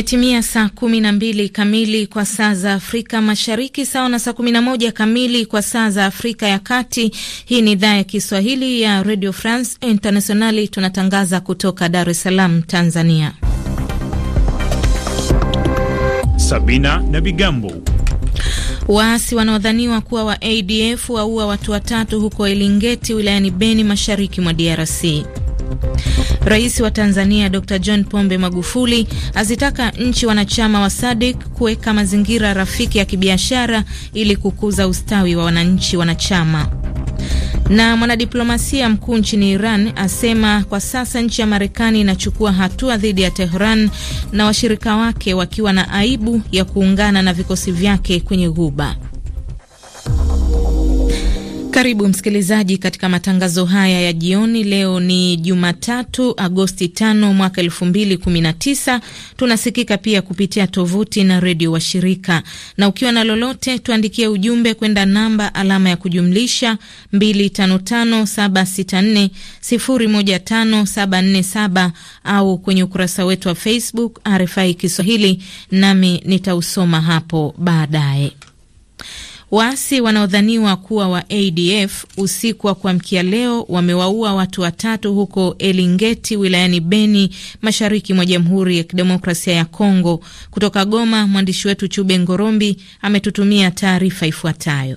Imetimia saa kumi na mbili kamili kwa saa za Afrika Mashariki, sawa na saa kumi na moja kamili kwa saa za Afrika ya Kati. Hii ni idhaa ya Kiswahili ya Radio France Internationali, tunatangaza kutoka Dar es Salaam, Tanzania. Sabina na Bigambo. Waasi wanaodhaniwa kuwa wa ADF waua watu watatu huko Elingeti wilayani Beni, mashariki mwa DRC. Rais wa Tanzania Dr. John Pombe Magufuli azitaka nchi wanachama wa SADC kuweka mazingira rafiki ya kibiashara ili kukuza ustawi wa wananchi wanachama. Na mwanadiplomasia mkuu nchini Iran asema kwa sasa nchi ya Marekani inachukua hatua dhidi ya Tehran na washirika wake wakiwa na aibu ya kuungana na vikosi vyake kwenye Ghuba. Karibu msikilizaji katika matangazo haya ya jioni. Leo ni Jumatatu, Agosti 5 mwaka 2019. Tunasikika pia kupitia tovuti na redio wa shirika na ukiwa na lolote tuandikie ujumbe kwenda namba alama ya kujumlisha 255764015747 au kwenye ukurasa wetu wa Facebook RFI Kiswahili, nami nitausoma hapo baadaye. Waasi wanaodhaniwa kuwa wa ADF usiku wa kuamkia leo wamewaua watu watatu huko Elingeti wilayani Beni, mashariki mwa Jamhuri ya Kidemokrasia ya Kongo. Kutoka Goma, mwandishi wetu Chube Ngorombi ametutumia taarifa ifuatayo.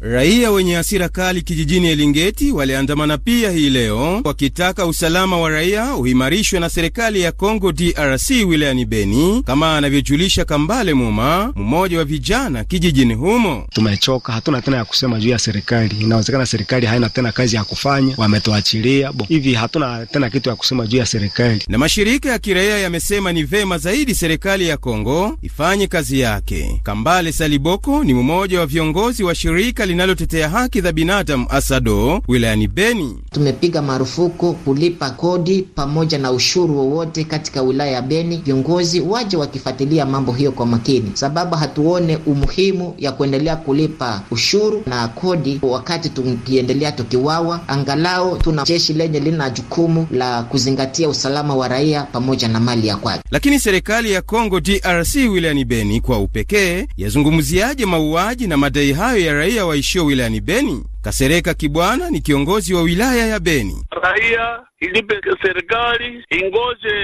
Raia wenye hasira kali kijijini Elingeti waliandamana pia hii leo wakitaka usalama wa raia uimarishwe na serikali ya Congo DRC wilayani Beni, kama anavyojulisha Kambale Muma, mmoja wa vijana kijijini humo. Tumechoka, hatuna tena ya kusema juu ya serikali. Inawezekana serikali haina tena kazi ya kufanya, wametuachilia bo hivi, hatuna tena kitu ya kusema juu ya serikali. Na mashirika ya kiraia yamesema ni vema zaidi serikali ya Congo ifanye kazi yake. Kambale Saliboko ni mmoja wa viongozi wa shirika linalotetea haki za binadamu Asado wilayani Beni. Tumepiga marufuku kulipa kodi pamoja na ushuru wowote katika wilaya ya Beni. Viongozi waje wakifuatilia mambo hiyo kwa makini, sababu hatuone umuhimu ya kuendelea kulipa ushuru na kodi wakati tukiendelea tukiwawa. Angalau tuna jeshi lenye lina jukumu la kuzingatia usalama wa raia pamoja na mali ya kwake. Lakini serikali ya Kongo DRC wilayani Beni kwa upekee yazungumziaje mauaji na madai hayo ya raia wa waishio wilayani Beni. Kasereka Kibwana ni kiongozi wa wilaya ya Beni. Raia ilipe serikali, ingoje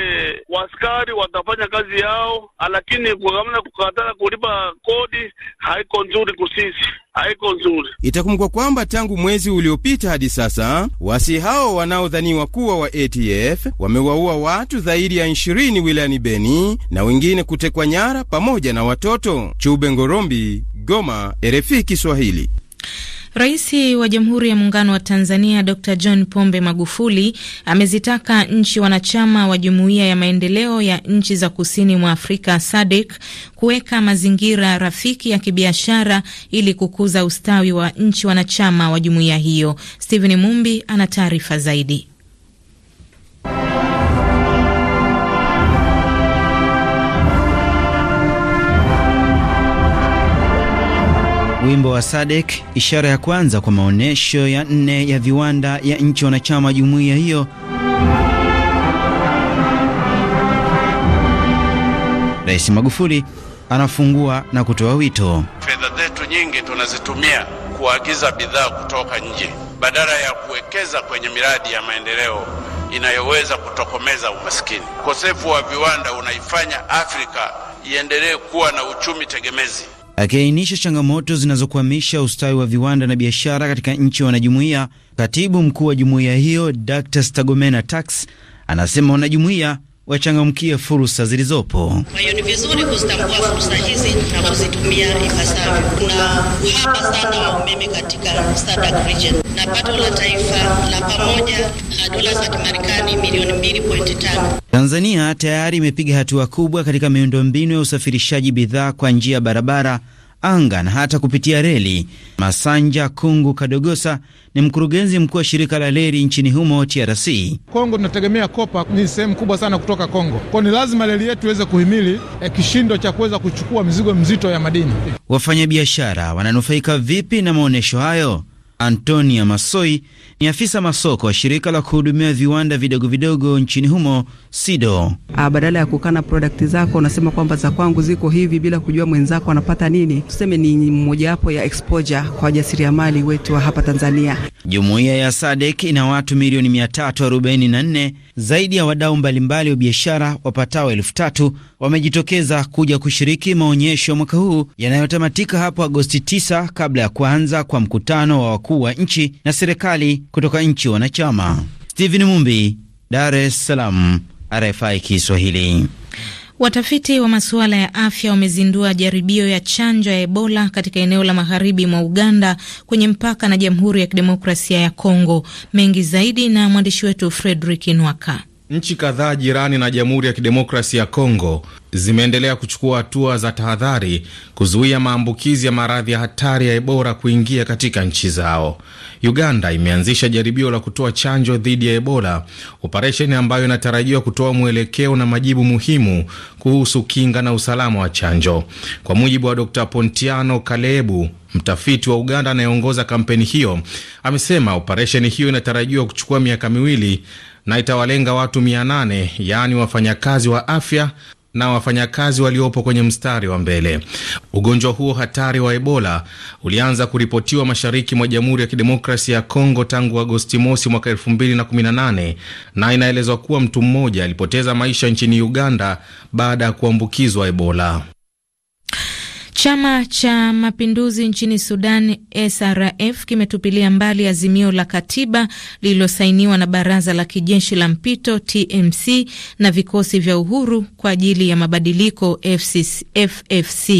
waskari watafanya kazi yao, lakini kugamana kukatala kulipa kodi haiko nzuri kusisi, haiko nzuri. Itakumbukwa kwamba tangu mwezi uliopita hadi sasa wasi hao wanaodhaniwa kuwa wa ATF wamewaua watu zaidi ya ishirini wilayani Beni na wengine kutekwa nyara pamoja na watoto. Chube Ngorombi, Goma, RFI Kiswahili. Rais wa Jamhuri ya Muungano wa Tanzania Dr John Pombe Magufuli amezitaka nchi wanachama wa Jumuiya ya Maendeleo ya Nchi za Kusini mwa Afrika SADC kuweka mazingira rafiki ya kibiashara ili kukuza ustawi wa nchi wanachama wa jumuiya hiyo. Stephen Mumbi ana taarifa zaidi. wimbo wa Sadek, ishara ya kwanza kwa maonyesho ya nne ya viwanda ya nchi wanachama jumuiya hiyo. Rais Magufuli anafungua na kutoa wito, fedha zetu nyingi tunazitumia kuagiza bidhaa kutoka nje badala ya kuwekeza kwenye miradi ya maendeleo inayoweza kutokomeza umaskini. Ukosefu wa viwanda unaifanya Afrika iendelee kuwa na uchumi tegemezi Akiainisha changamoto zinazokwamisha ustawi wa viwanda na biashara katika nchi wanajumuiya, katibu mkuu wa jumuiya hiyo Dr Stagomena Tax anasema wanajumuiya wachangamkie fursa zilizopo. Kwa hiyo ni vizuri kuzitambua fursa hizi na kuzitumia ipasavyo. Kuna uhaba sana wa umeme katika SADC region, na pato la taifa la pamoja la dola za Kimarekani milioni 2.5. Tanzania tayari imepiga hatua kubwa katika miundombinu ya usafirishaji bidhaa kwa njia ya barabara, anga na hata kupitia reli. Masanja Kungu Kadogosa ni mkurugenzi mkuu wa shirika la reli nchini humo TRC. Kongo tunategemea kopa ni sehemu kubwa sana kutoka Kongo, kwa ni lazima reli yetu iweze kuhimili eh, kishindo cha kuweza kuchukua mizigo mzito ya madini. Wafanyabiashara wananufaika vipi na maonyesho hayo? Antonia Masoi ni afisa masoko wa shirika la kuhudumia viwanda vidogo vidogo nchini humo SIDO. Ah, badala ya kukana product zako unasema kwamba za kwangu ziko hivi, bila kujua mwenzako anapata nini. Tuseme ni mmojawapo ya exposure kwa wajasiriamali wetu wa hapa Tanzania. Jumuiya ya SADC ina watu milioni 344, zaidi ya wadau mbalimbali wa biashara wapatao elfu tatu wamejitokeza kuja kushiriki maonyesho mwaka huu yanayotamatika hapo Agosti 9 kabla ya kuanza kwa mkutano wa wakuu wa nchi na serikali kutoka nchi wanachama. Steven Mumbi, Dar es Salaam, RFI Kiswahili. Watafiti wa masuala ya afya wamezindua jaribio ya chanjo ya Ebola katika eneo la magharibi mwa Uganda kwenye mpaka na Jamhuri ya Kidemokrasia ya Kongo. Mengi zaidi na mwandishi wetu Fredrik Nwaka. Nchi kadhaa jirani na Jamhuri ya Kidemokrasia ya Kongo zimeendelea kuchukua hatua za tahadhari kuzuia maambukizi ya maradhi ya hatari ya Ebola kuingia katika nchi zao. Uganda imeanzisha jaribio la kutoa chanjo dhidi ya Ebola, operesheni ambayo inatarajiwa kutoa mwelekeo na majibu muhimu kuhusu kinga na usalama wa chanjo. Kwa mujibu wa Dr. Pontiano Kalebu, mtafiti wa Uganda anayeongoza kampeni hiyo, amesema operesheni hiyo inatarajiwa kuchukua miaka miwili na itawalenga watu 800 yaani wafanyakazi wa afya na wafanyakazi waliopo kwenye mstari wa mbele. Ugonjwa huo hatari wa Ebola ulianza kuripotiwa mashariki mwa Jamhuri ya Kidemokrasia ya Kongo tangu Agosti mosi mwaka 2018 na inaelezwa kuwa mtu mmoja alipoteza maisha nchini Uganda baada ya kuambukizwa Ebola. Chama cha mapinduzi nchini Sudan, SRF, kimetupilia mbali azimio la katiba lililosainiwa na baraza la kijeshi la mpito TMC na vikosi vya uhuru kwa ajili ya mabadiliko FCC, FFC.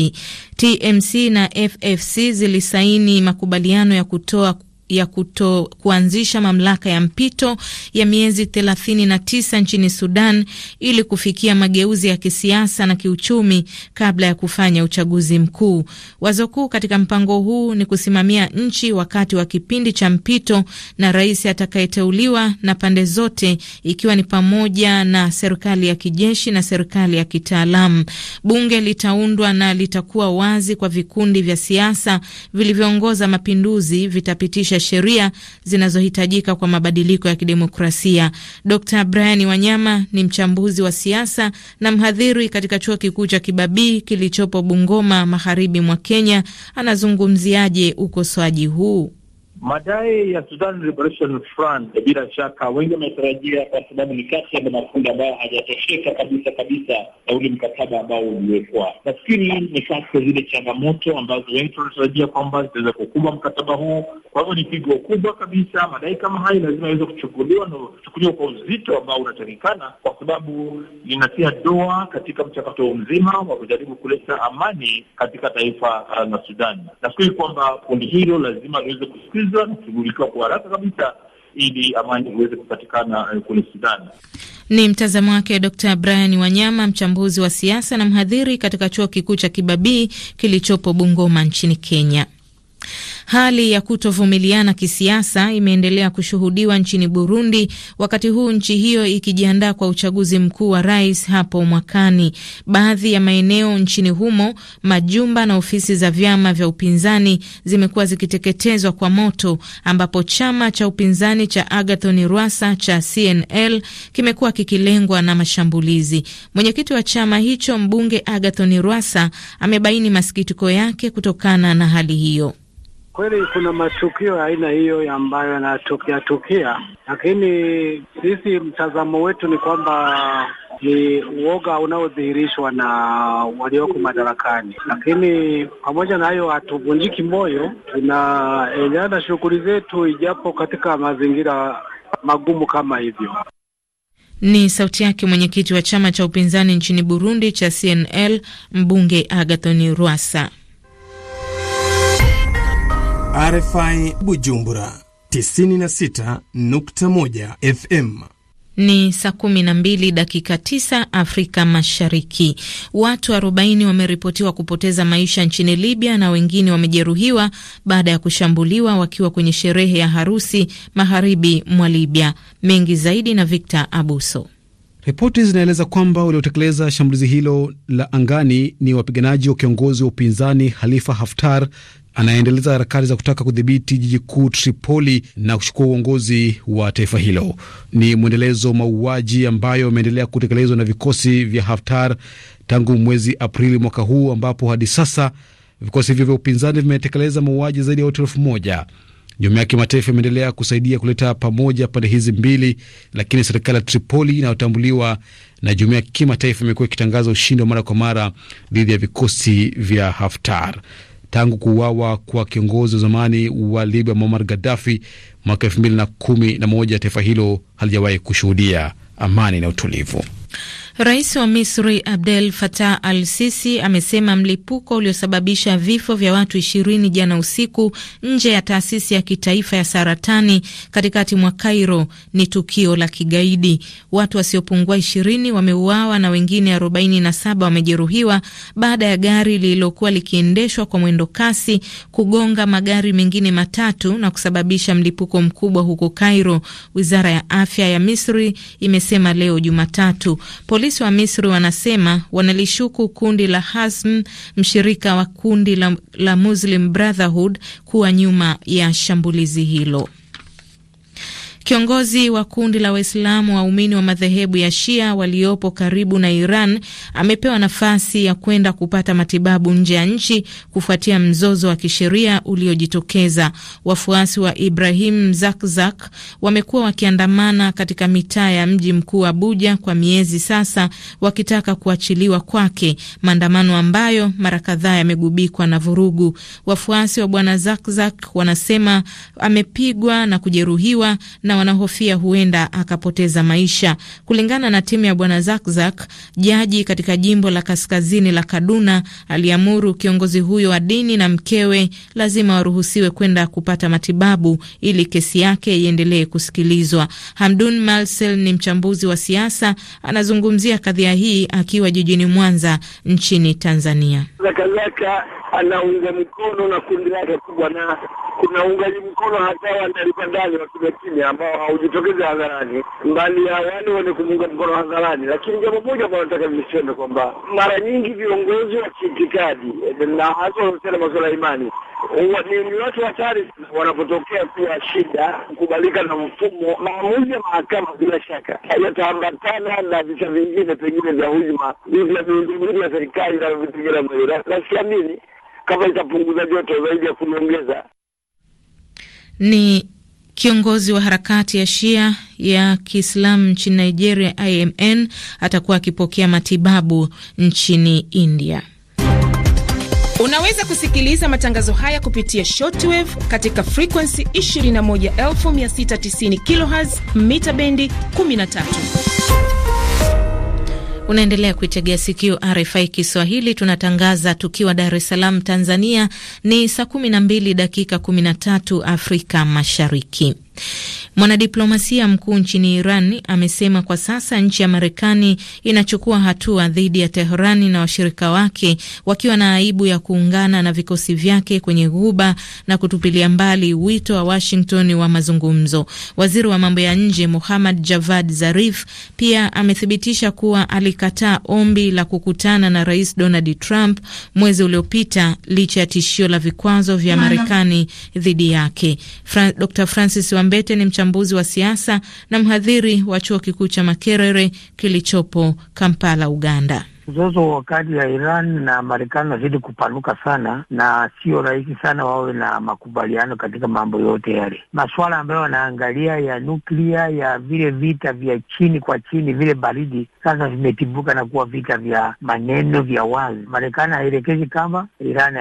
TMC na FFC zilisaini makubaliano ya kutoa ya kuto kuanzisha mamlaka ya mpito ya miezi 39 nchini Sudan ili kufikia mageuzi ya kisiasa na kiuchumi kabla ya kufanya uchaguzi mkuu. Wazo kuu katika mpango huu ni kusimamia nchi wakati wa kipindi cha mpito na rais atakayeteuliwa na pande zote, ikiwa ni pamoja na serikali ya kijeshi na serikali ya kitaalamu. Bunge litaundwa na litakuwa wazi kwa vikundi vya siasa vilivyoongoza mapinduzi, vitapitisha kupitisha sheria zinazohitajika kwa mabadiliko ya kidemokrasia. Dr Brian Wanyama ni mchambuzi wa siasa na mhadhiri katika chuo kikuu cha Kibabii kilichopo Bungoma, magharibi mwa Kenya. Anazungumziaje ukosoaji huu? Madai ya Sudan Liberation Front bila shaka wengi wametarajia, kwa sababu ni kati ya makundi ambayo hajatosheka kabisa kabisa na ule mkataba ambao uliwekwa. Nafikiri ni kati ya zile changamoto ambazo wengi tunatarajia kwamba zitaweza kukumba mkataba huu. Kwa hivyo ni pigo kubwa kabisa. Madai kama hayo lazima yaweze kuchukuliwa na kuchukuliwa kwa uzito ambao unatakikana, kwa sababu linatia doa katika mchakato mzima wa kujaribu kuleta amani katika taifa uh, la Sudan. Nafikiri kwamba kundi hilo lazima liweze kusikiliza kusikilizwa na kushughulikiwa kwa haraka kabisa ili amani iweze kupatikana uh, kule Sudani. Ni mtazamo wake Dr Brian Wanyama, mchambuzi wa siasa na mhadhiri katika chuo kikuu cha Kibabii kilichopo Bungoma nchini Kenya. Hali ya kutovumiliana kisiasa imeendelea kushuhudiwa nchini Burundi, wakati huu nchi hiyo ikijiandaa kwa uchaguzi mkuu wa rais hapo mwakani. Baadhi ya maeneo nchini humo, majumba na ofisi za vyama vya upinzani zimekuwa zikiteketezwa kwa moto, ambapo chama cha upinzani cha Agathon Rwasa cha CNL kimekuwa kikilengwa na mashambulizi. Mwenyekiti wa chama hicho, mbunge Agathon Rwasa, amebaini masikitiko yake kutokana na hali hiyo. Kweli kuna matukio aina hiyo ambayo yanatokea tokea, lakini sisi mtazamo wetu ni kwamba ni uoga unaodhihirishwa na walioko madarakani. Lakini pamoja na hayo, hatuvunjiki moyo, tunaendelea na shughuli zetu, ijapo katika mazingira magumu kama hivyo. Ni sauti yake mwenyekiti wa chama cha upinzani nchini Burundi cha CNL, mbunge Agathoni Rwasa. RFI Bujumbura 96.1 FM. Ni saa kumi na mbili dakika tisa Afrika Mashariki. Watu arobaini wameripotiwa kupoteza maisha nchini Libya na wengine wamejeruhiwa baada ya kushambuliwa wakiwa kwenye sherehe ya harusi magharibi mwa Libya. Mengi zaidi na Victor Abuso. Ripoti zinaeleza kwamba waliotekeleza shambulizi hilo la angani ni wapiganaji wa kiongozi wa upinzani Halifa Haftar anaendeleza harakati za kutaka kudhibiti jiji kuu Tripoli na kuchukua uongozi wa taifa hilo. Ni mwendelezo mauaji ambayo ameendelea kutekelezwa na vikosi vya Haftar tangu mwezi Aprili mwaka huu, ambapo hadi sasa vikosi hivyo vya upinzani vimetekeleza mauaji zaidi ya watu elfu moja. Jumuiya ya kimataifa imeendelea kusaidia kuleta pamoja pande hizi mbili, lakini serikali ya Tripoli inayotambuliwa na jumuiya ya kimataifa imekuwa ikitangaza ushindi wa mara kwa mara dhidi ya vikosi vya Haftar tangu kuuawa kwa kiongozi wa zamani wa Libya Muammar Gaddafi mwaka elfu mbili na kumi na moja, taifa hilo halijawahi kushuhudia amani na utulivu. Rais wa Misri Abdel Fattah al Sisi amesema mlipuko uliosababisha vifo vya watu ishirini jana usiku nje ya taasisi ya kitaifa ya saratani katikati mwa Cairo ni tukio la kigaidi. Watu wasiopungua ishirini wameuawa na wengine arobaini na saba wamejeruhiwa baada ya gari lililokuwa likiendeshwa kwa mwendo kasi kugonga magari mengine matatu na kusababisha mlipuko mkubwa huko Cairo, wizara ya afya ya Misri imesema leo Jumatatu. Poli Polisi wa Misri wanasema wanalishuku kundi la Hasm, mshirika wa kundi la, la Muslim Brotherhood kuwa nyuma ya shambulizi hilo. Kiongozi wa kundi la Waislamu waumini wa madhehebu ya Shia waliopo karibu na Iran amepewa nafasi ya kwenda kupata matibabu nje ya nchi kufuatia mzozo wa kisheria uliojitokeza. Wafuasi wa Ibrahim Zakzak wamekuwa wakiandamana katika mitaa ya mji mkuu Abuja kwa miezi sasa wakitaka kuachiliwa kwake, maandamano ambayo mara kadhaa yamegubikwa na vurugu. Wafuasi wa bwana Zakzak wanasema amepigwa na kujeruhiwa na na wanahofia huenda akapoteza maisha. Kulingana na timu ya Bwana Zakzak, jaji katika jimbo la kaskazini la Kaduna aliamuru kiongozi huyo wa dini na mkewe lazima waruhusiwe kwenda kupata matibabu ili kesi yake iendelee kusikilizwa. Hamdun Malsel ni mchambuzi wa siasa, anazungumzia kadhia hii akiwa jijini Mwanza nchini Tanzania anaunga mkono na kundi lake kubwa, na kuna uungaji mkono hata wa ndani kwa ndani wa kimya kimya ambao haujitokeza hadharani, mbali ya wale wenye kumuunga mkono hadharani. Lakini jambo moja ambao nataka niseme kwamba mara nyingi viongozi wa kiitikadi na hasa wanahusiana masuala ya imani ni watu hatari wanapotokea kuwa shida kukubalika na mfumo. Maamuzi ya mahakama bila shaka yataambatana na visa vingine pengine vya hujuma hivi ya miundombinu ya serikali na vitu vingine. Nasiamini kama itapunguza joto zaidi ya kuliongeza. Ni kiongozi wa harakati ya Shia ya Kiislamu nchini Nigeria, IMN, atakuwa akipokea matibabu nchini India. Unaweza kusikiliza matangazo haya kupitia shortwave katika frekuensi 21690 kHz mita bendi 13. Unaendelea kuitegea sikio RFI Kiswahili, tunatangaza tukiwa Dar es Salaam, Tanzania. Ni saa 12 dakika 13 Afrika Mashariki. Mwanadiplomasia mkuu nchini Iran amesema kwa sasa nchi ya Marekani inachukua hatua dhidi ya Teherani na washirika wake wakiwa na aibu ya kuungana na vikosi vyake kwenye Ghuba na kutupilia mbali wito wa Washington wa mazungumzo. Waziri wa mambo ya nje Muhammad Javad Zarif pia amethibitisha kuwa alikataa ombi la kukutana na Rais Donald Trump mwezi uliopita licha ya tishio la vikwazo vya Marekani dhidi yake. Fra Dr Francis wa Wambete ni mchambuzi wa siasa na mhadhiri wa chuo kikuu cha Makerere kilichopo Kampala, Uganda. Mzozo kati ya Iran na Marekani unazidi kupanuka sana, na sio rahisi sana wawe na makubaliano katika mambo yote yale. Masuala ambayo wanaangalia ya nuklia, ya vile vita vya chini kwa chini, vile baridi sasa vimetibuka na kuwa vita vya maneno vya wazi. Marekani hairekezi kamba, Iran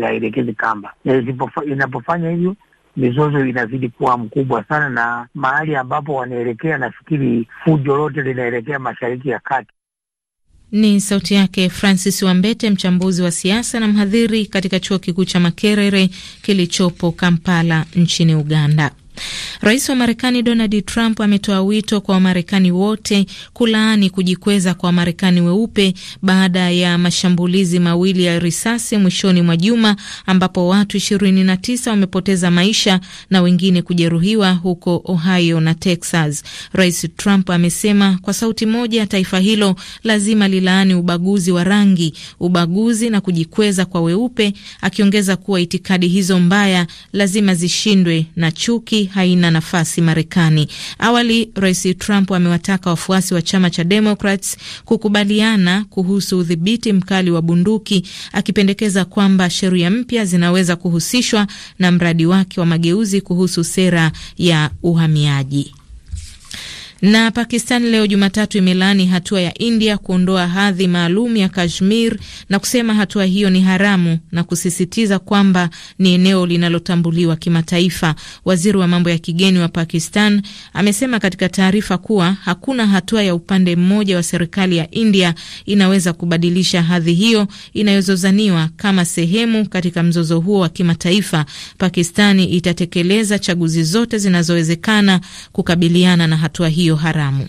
hairekezi kamba, na inapofanya hivyo mizozo inazidi kuwa mkubwa sana, na mahali ambapo wanaelekea, nafikiri fujo lote linaelekea Mashariki ya Kati. Ni sauti yake Francis Wambete, mchambuzi wa siasa na mhadhiri katika chuo kikuu cha Makerere kilichopo Kampala nchini Uganda. Rais wa Marekani Donald Trump ametoa wito kwa Wamarekani wote kulaani kujikweza kwa Wamarekani weupe baada ya mashambulizi mawili ya risasi mwishoni mwa juma ambapo watu 29 wamepoteza maisha na wengine kujeruhiwa huko Ohio na Texas. Rais Trump amesema kwa sauti moja, taifa hilo lazima lilaani ubaguzi wa rangi, ubaguzi na kujikweza kwa weupe, akiongeza kuwa itikadi hizo mbaya lazima zishindwe na chuki haina nafasi Marekani. Awali Rais Trump amewataka wa wafuasi wa chama cha Democrats kukubaliana kuhusu udhibiti mkali wa bunduki, akipendekeza kwamba sheria mpya zinaweza kuhusishwa na mradi wake wa mageuzi kuhusu sera ya uhamiaji. Na Pakistan leo Jumatatu imelaani hatua ya India kuondoa hadhi maalum ya Kashmir na kusema hatua hiyo ni haramu na kusisitiza kwamba ni eneo linalotambuliwa kimataifa. Waziri wa mambo ya kigeni wa Pakistan amesema katika taarifa kuwa hakuna hatua ya upande mmoja wa serikali ya India inaweza kubadilisha hadhi hiyo inayozozaniwa kama sehemu katika mzozo huo wa kimataifa. Pakistani itatekeleza chaguzi zote zinazowezekana kukabiliana na hatua hiyo haramu.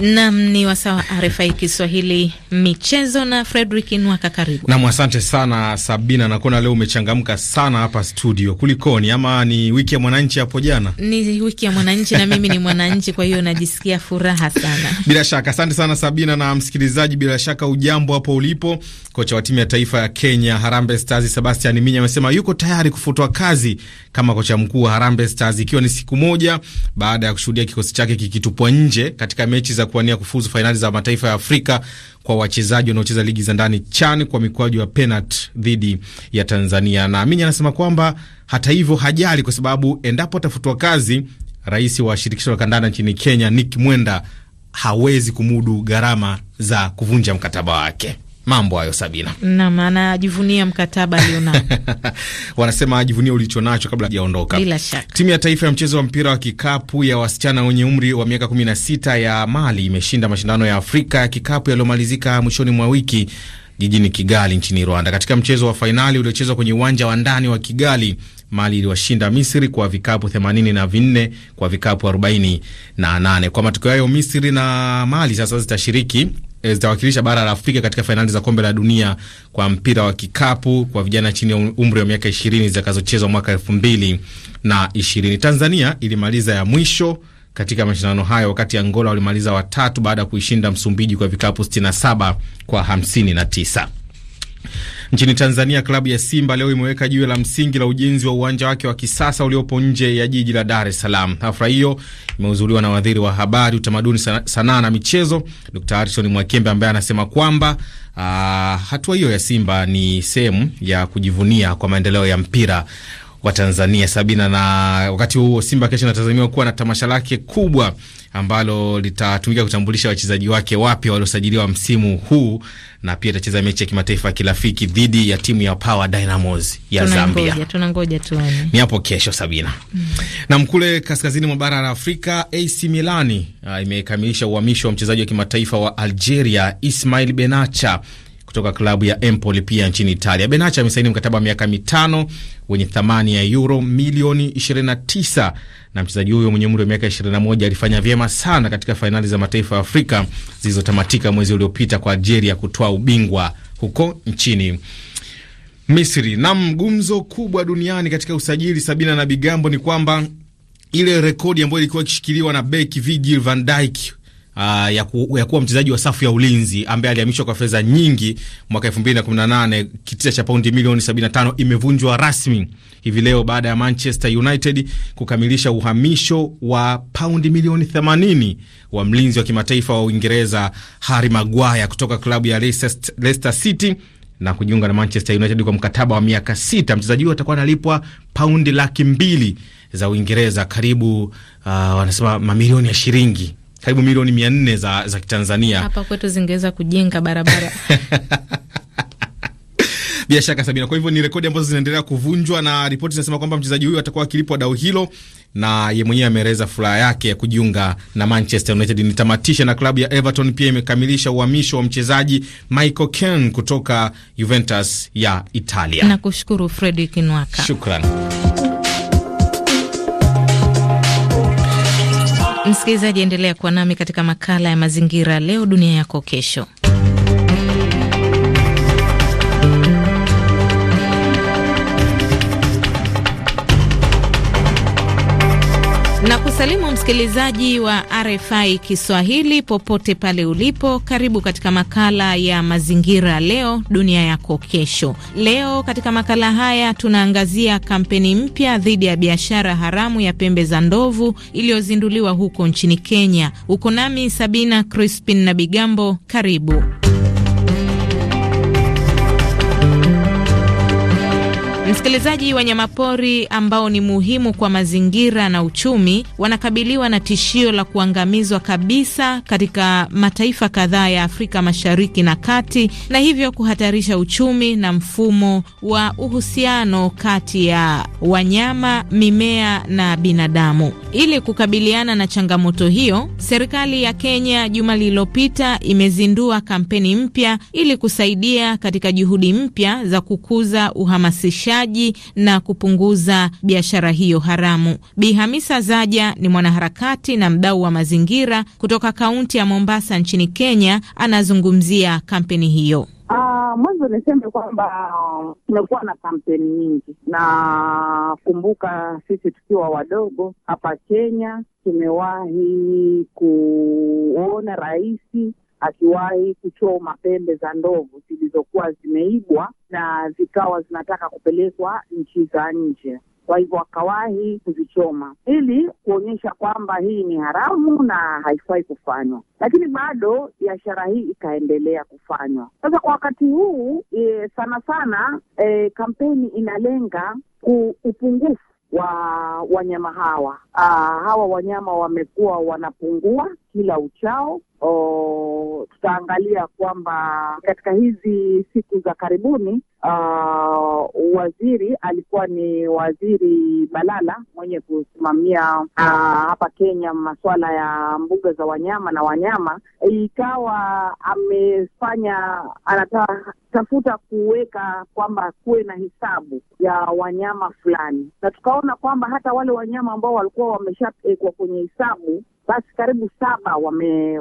Nam ni wasawa RFI Kiswahili michezo na Fredrick Nwaka, karibu nam. Asante sana Sabina, nakuona leo umechangamka sana hapa studio, kulikoni? Ama ni wiki ya mwananchi hapo jana? Ni wiki ya mwananchi na mimi ni mwananchi, kwa hiyo najisikia furaha sana. Bila shaka, asante sana Sabina na msikilizaji, bila shaka ujambo hapo ulipo. Kocha wa timu ya taifa ya Kenya Harambee Stars Sebastian Minya amesema yuko tayari kufutwa kazi kama kocha mkuu wa Harambee Stars, ikiwa ni siku moja baada ya kushuhudia kikosi chake kikitupwa nje katika mechi za za kuwania kufuzu fainali za mataifa ya Afrika kwa wachezaji wanaocheza ligi za ndani CHAN kwa mikwaju ya penat dhidi ya Tanzania. Naamini anasema kwamba hata hivyo hajali kwa sababu endapo atafutwa kazi, rais wa shirikisho la kandanda nchini Kenya Nick Mwenda hawezi kumudu gharama za kuvunja mkataba wake mambo hayo Sabina. Naam, anajivunia mkataba alionao wanasema ajivunia ulicho nacho kabla hajaondoka. Bila shaka, timu ya taifa ya mchezo wa mpira wa kikapu ya wasichana wenye umri wa miaka 16 ya Mali imeshinda mashindano ya Afrika ya kikapu yaliyomalizika mwishoni mwa wiki jijini Kigali nchini Rwanda. Katika mchezo wa fainali uliochezwa kwenye uwanja wa ndani wa Kigali, Mali iliwashinda Misri kwa vikapu 84 kwa vikapu 48. Kwa matokeo hayo, Misri na Mali sasa zitashiriki Eh, zitawakilisha bara la Afrika katika fainali za kombe la dunia kwa mpira wa kikapu kwa vijana chini ya umri wa miaka 20 zitakazochezwa mwaka elfu mbili na ishirini. Tanzania ilimaliza ya mwisho katika mashindano hayo, wakati Angola walimaliza watatu baada ya kuishinda Msumbiji kwa vikapu 67 kwa 59. Nchini Tanzania, klabu ya Simba leo imeweka jiwe la msingi la ujenzi wa uwanja wake wa kisasa uliopo nje ya jiji la Dar es Salaam. Hafla hiyo imehudhuriwa na waziri wa habari, utamaduni, sanaa na michezo Dr. Harrison Mwakembe ambaye anasema kwamba ah, hatua hiyo ya Simba ni sehemu ya kujivunia kwa maendeleo ya mpira wa Tanzania Sabina. na wakati huo Simba kesho inatazamiwa kuwa na tamasha lake kubwa ambalo litatumika kutambulisha wachezaji wake wapya waliosajiliwa msimu huu na pia itacheza mechi ya kimataifa ya kirafiki dhidi ya timu ya Power Dynamos ya tuna Zambia. tunangoja tuone. Ni hapo kesho Sabina. Mm. Na mkule kaskazini mwa bara la Afrika AC Milani uh, imekamilisha uhamisho wa mchezaji wa kimataifa wa Algeria Ismail Benacha kutoka klabu ya Empoli pia nchini Italia. Benacha amesaini mkataba wa miaka mitano wenye thamani ya euro milioni 29 na mchezaji huyo mwenye umri wa miaka 21 alifanya vyema sana katika fainali za mataifa ya Afrika zilizotamatika mwezi uliopita kwa Algeria kutoa ubingwa huko nchini Misri. Nam, gumzo kubwa duniani katika usajili Sabina na Bigambo ni kwamba ile rekodi ambayo ilikuwa ikishikiliwa na beki Virgil van Dijk Uh, ya, ku, ya kuwa mchezaji wa safu ya ulinzi ambaye alihamishwa kwa fedha nyingi mwaka 2018. Kitita cha paundi milioni 75 imevunjwa rasmi hivi leo baada ya Manchester United kukamilisha uhamisho wa paundi milioni 80 wa mlinzi wa kimataifa wa Uingereza Harry Maguire kutoka klabu ya Leicester City na kujiunga na Manchester United kwa mkataba wa miaka sita. Mchezaji huyo atakuwa analipwa paundi laki mbili za Uingereza, karibu uh, wanasema mamilioni ya shilingi karibu milioni mia nne za, za Kitanzania. Hapa kwetu zingeweza kujenga barabara bila shaka Sabina. Kwa hivyo ni rekodi ambazo zinaendelea kuvunjwa na ripoti zinasema kwamba mchezaji huyu atakuwa akilipwa dau hilo, na ye mwenyewe ameeleza furaha yake ya kujiunga na Manchester United. Nitamatisha na klabu ya Everton pia imekamilisha uhamisho wa mchezaji Michael Keane kutoka Juventus ya Italia. Nakushukuru Fredrick Nwaka, Msikilizaji, endelea kuwa nami katika makala ya mazingira, leo dunia yako kesho. na kusalimu msikilizaji wa RFI Kiswahili popote pale ulipo. Karibu katika makala ya mazingira leo dunia yako kesho. Leo katika makala haya tunaangazia kampeni mpya dhidi ya biashara haramu ya pembe za ndovu iliyozinduliwa huko nchini Kenya. Uko nami Sabina Crispin na Bigambo, karibu. Msikilizaji, wanyamapori ambao ni muhimu kwa mazingira na uchumi wanakabiliwa na tishio la kuangamizwa kabisa katika mataifa kadhaa ya Afrika Mashariki na Kati, na hivyo kuhatarisha uchumi na mfumo wa uhusiano kati ya wanyama, mimea na binadamu. Ili kukabiliana na changamoto hiyo, serikali ya Kenya juma lililopita imezindua kampeni mpya ili kusaidia katika juhudi mpya za kukuza uhamasishaji maji na kupunguza biashara hiyo haramu. Bi Hamisa Zaja ni mwanaharakati na mdau wa mazingira kutoka kaunti ya Mombasa nchini Kenya, anazungumzia kampeni hiyo. Uh, ah, mwanzo niseme kwamba tumekuwa um, na kampeni nyingi, na kumbuka sisi tukiwa wadogo hapa Kenya tumewahi kuona rais akiwahi kuchoma pembe za ndovu zilizokuwa zimeibwa na zikawa zinataka kupelekwa nchi za nje kwa hivyo akawahi kuzichoma ili kuonyesha kwamba hii ni haramu na haifai kufanywa, lakini bado biashara hii ikaendelea kufanywa. Sasa kwa wakati huu e, sana sana e, kampeni inalenga ku upungufu wa wanyama hawa. Aa, hawa wanyama wamekuwa wanapungua kila uchao, tutaangalia kwamba katika hizi siku za karibuni uh, waziri alikuwa ni waziri Balala mwenye kusimamia uh, hapa Kenya masuala ya mbuga za wanyama na wanyama, ikawa amefanya anatafuta kuweka kwamba kuwe na hisabu ya wanyama fulani, na tukaona kwamba hata wale wanyama ambao walikuwa wameshawekwa kwenye hisabu basi karibu saba wame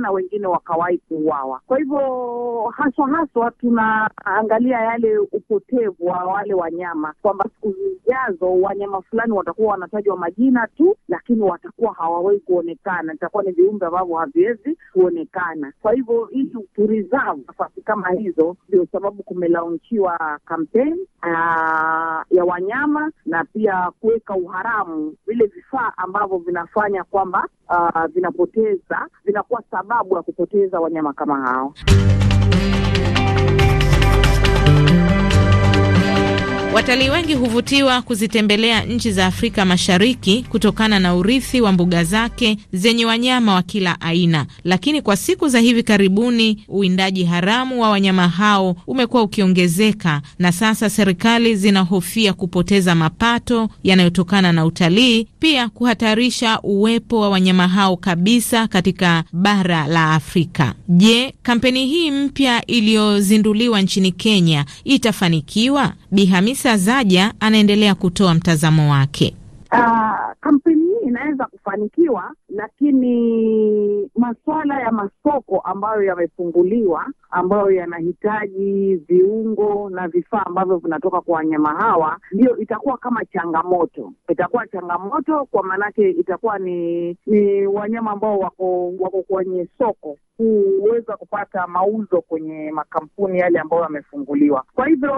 na wengine wakawahi kuuawa. Kwa hivyo haswa haswa tunaangalia yale upotevu wa wale wanyama, kwamba siku zijazo wanyama fulani watakuwa wanatajwa majina tu, lakini watakuwa hawawezi kuonekana, itakuwa ni viumbe ambavyo haviwezi kuonekana. Kwa hivyo ili turizavu nafasi kama hizo, ndio sababu kumelaunchiwa kampeni ah, ya wanyama na pia kuweka uharamu vile vifaa ambavyo vinafanya kwamba uh, vinapoteza vinakuwa sababu ya kupoteza wanyama kama hao. Watalii wengi huvutiwa kuzitembelea nchi za Afrika Mashariki kutokana na urithi wa mbuga zake zenye wanyama wa kila aina, lakini kwa siku za hivi karibuni uwindaji haramu wa wanyama hao umekuwa ukiongezeka, na sasa serikali zinahofia kupoteza mapato yanayotokana na utalii, pia kuhatarisha uwepo wa wanyama hao kabisa katika bara la Afrika. Je, kampeni hii mpya iliyozinduliwa nchini Kenya itafanikiwa? Bihamisa Hamisa Zaja anaendelea kutoa mtazamo wake. Uh, kampeni hii inaweza kufanikiwa, lakini masuala ya masoko ambayo yamefunguliwa ambayo yanahitaji viungo na vifaa ambavyo vinatoka kwa wanyama hawa, ndiyo itakuwa kama changamoto. Itakuwa changamoto kwa maanake itakuwa ni, ni wanyama ambao wako wako kwenye soko kuweza kupata mauzo kwenye makampuni yale ambayo yamefunguliwa. Kwa hivyo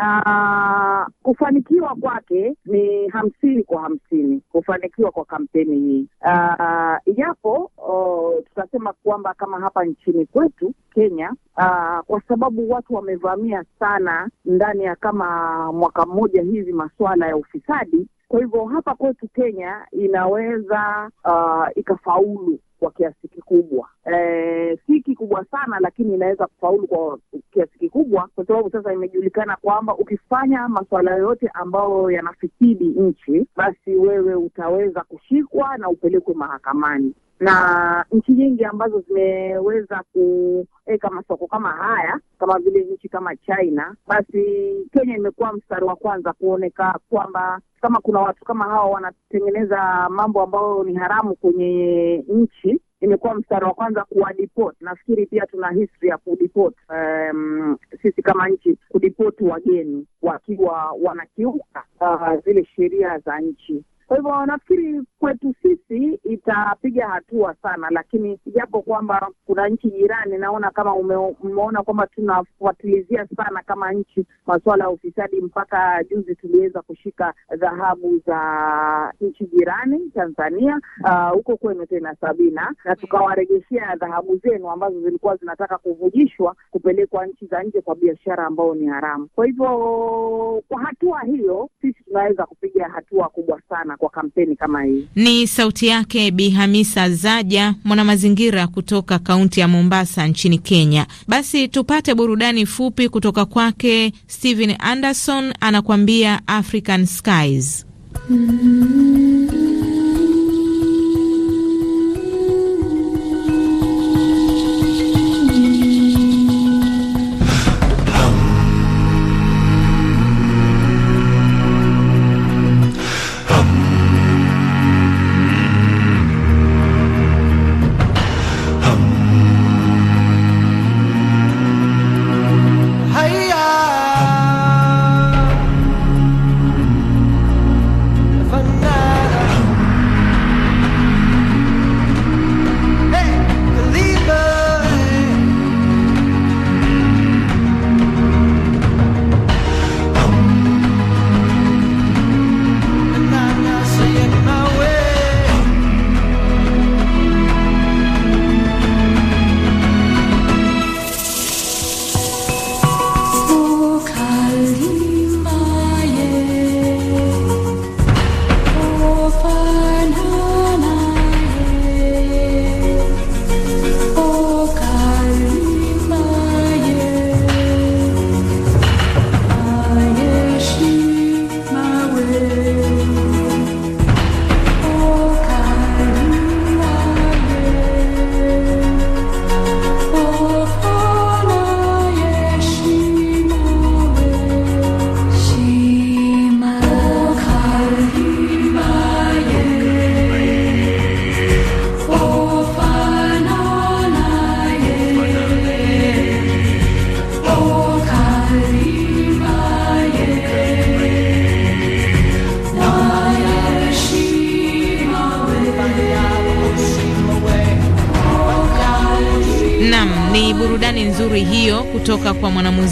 uh, kufanikiwa kwake ni hamsini kwa hamsini kufanikiwa kwa kampeni kampeni hii uh, ijapo uh, tutasema kwamba kama hapa nchini kwetu Kenya uh, kwa sababu watu wamevamia sana ndani ya kama mwaka mmoja hivi masuala ya ufisadi. Kwa hivyo hapa kwetu Kenya inaweza uh, ikafaulu kwa kiasi kikubwa, e, si kikubwa sana, lakini inaweza kufaulu kwa kiasi kikubwa, kwa sababu sasa imejulikana kwamba ukifanya masuala yoyote ambayo yanafikidi nchi, basi wewe utaweza kushikwa na upelekwe mahakamani na nchi nyingi ambazo zimeweza kuweka masoko kama haya kama vile nchi kama China, basi Kenya imekuwa mstari wa kwanza kuoneka kwamba kama kuna watu kama hawa wanatengeneza mambo ambayo ni haramu kwenye nchi imekuwa mstari wa kwanza kuwadipot. Nafikiri pia tuna history ya kudipot, um, sisi kama nchi kudipoti wageni wakiwa wanakiuka uh, zile sheria za nchi. Kwa hivyo nafikiri kwetu sisi itapiga hatua sana, lakini japo kwamba kuna nchi jirani, naona kama umeona kwamba tunafuatilizia sana kama nchi masuala ya ufisadi. Mpaka juzi tuliweza kushika dhahabu za nchi jirani Tanzania uh, huko uh, kwenu tena Sabina, na tukawaregeshia dhahabu zenu ambazo zilikuwa zinataka kuvujishwa kupelekwa nchi za nje kwa biashara ambayo ni haramu. Kwa hivyo kwa hatua hiyo sisi tunaweza kupiga hatua kubwa sana kwa kampeni kama hii. Ni sauti yake Bi Hamisa Zaja, mwanamazingira kutoka kaunti ya Mombasa nchini Kenya. Basi tupate burudani fupi kutoka kwake. Steven Anderson anakuambia African Skies. mm -hmm.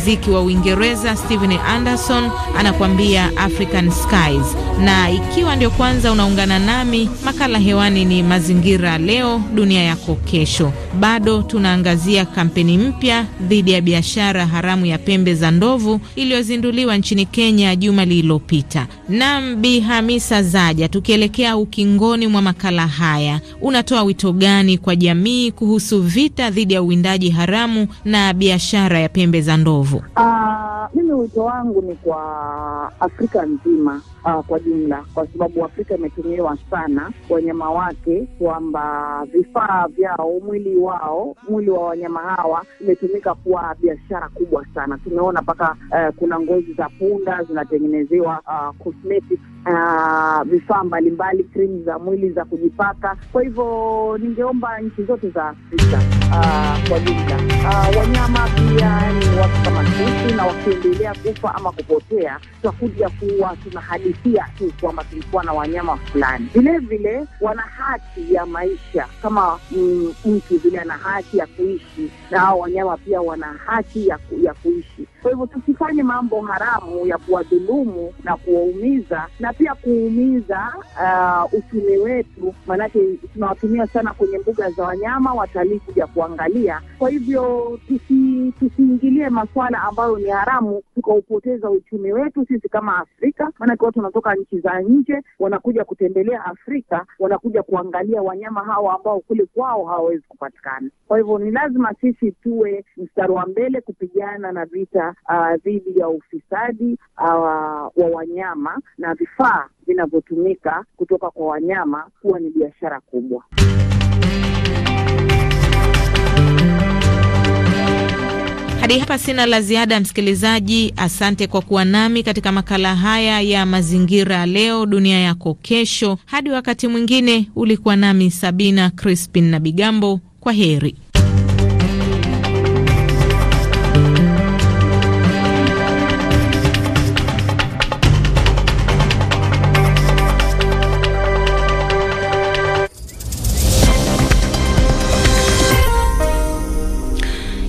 mwanamuziki wa Uingereza Steven Anderson anakuambia African Skies. Na ikiwa ndio kwanza unaungana nami, makala hewani ni Mazingira Leo, Dunia Yako Kesho bado tunaangazia kampeni mpya dhidi ya biashara haramu ya pembe za ndovu iliyozinduliwa nchini Kenya juma lililopita. Nam Bi Hamisa Zaja, tukielekea ukingoni mwa makala haya, unatoa wito gani kwa jamii kuhusu vita dhidi ya uwindaji haramu na biashara ya pembe za ndovu? Uh, mimi wito wangu ni kwa Afrika nzima uh, kwa jumla, kwa sababu Afrika imetumiwa sana wanyama wake, kwamba vifaa vyao, mwili wao, mwili wa wanyama hawa imetumika kuwa biashara kubwa sana. Tumeona mpaka uh, kuna ngozi za punda zinatengenezewa uh, ah, cosmetics uh, ah, vifaa mbalimbali, za mwili za kujipaka. Kwa hivyo ningeomba nchi zote za Afrika uh, kwa jumla uh, wanyama pia ni watu kama sisi, na wakiendelea kufa ama kupotea tutakuja kuwa tuna hadithi kuridhia tu kwamba tulikuwa na wanyama fulani. Vilevile wana haki ya maisha kama mm, mtu vile ana haki ya kuishi, na hao wanyama pia wana haki ya, ku, ya kuishi. Kwa hivyo tusifanye mambo haramu ya kuwadhulumu na kuwaumiza na pia kuumiza uh, uchumi wetu, maanake tunawatumia sana kwenye mbuga za wanyama, watalii kuja kuangalia. Kwa hivyo tusi, masuala ambayo ni haramu tukaupoteza uchumi wetu sisi kama Afrika, maanake watu wanatoka nchi za nje wanakuja kutembelea Afrika, wanakuja kuangalia wanyama hawa ambao kule kwao hawawezi kupatikana. Kwa hivyo ni lazima sisi tuwe mstari wa mbele kupigana na vita uh, dhidi uh, ya ufisadi uh, wa wanyama na vifaa vinavyotumika kutoka kwa wanyama kuwa ni biashara kubwa. Hadi hapa sina la ziada, msikilizaji. Asante kwa kuwa nami katika makala haya ya mazingira, leo dunia yako kesho. Hadi wakati mwingine, ulikuwa nami Sabina Crispin na Bigambo. Kwa heri.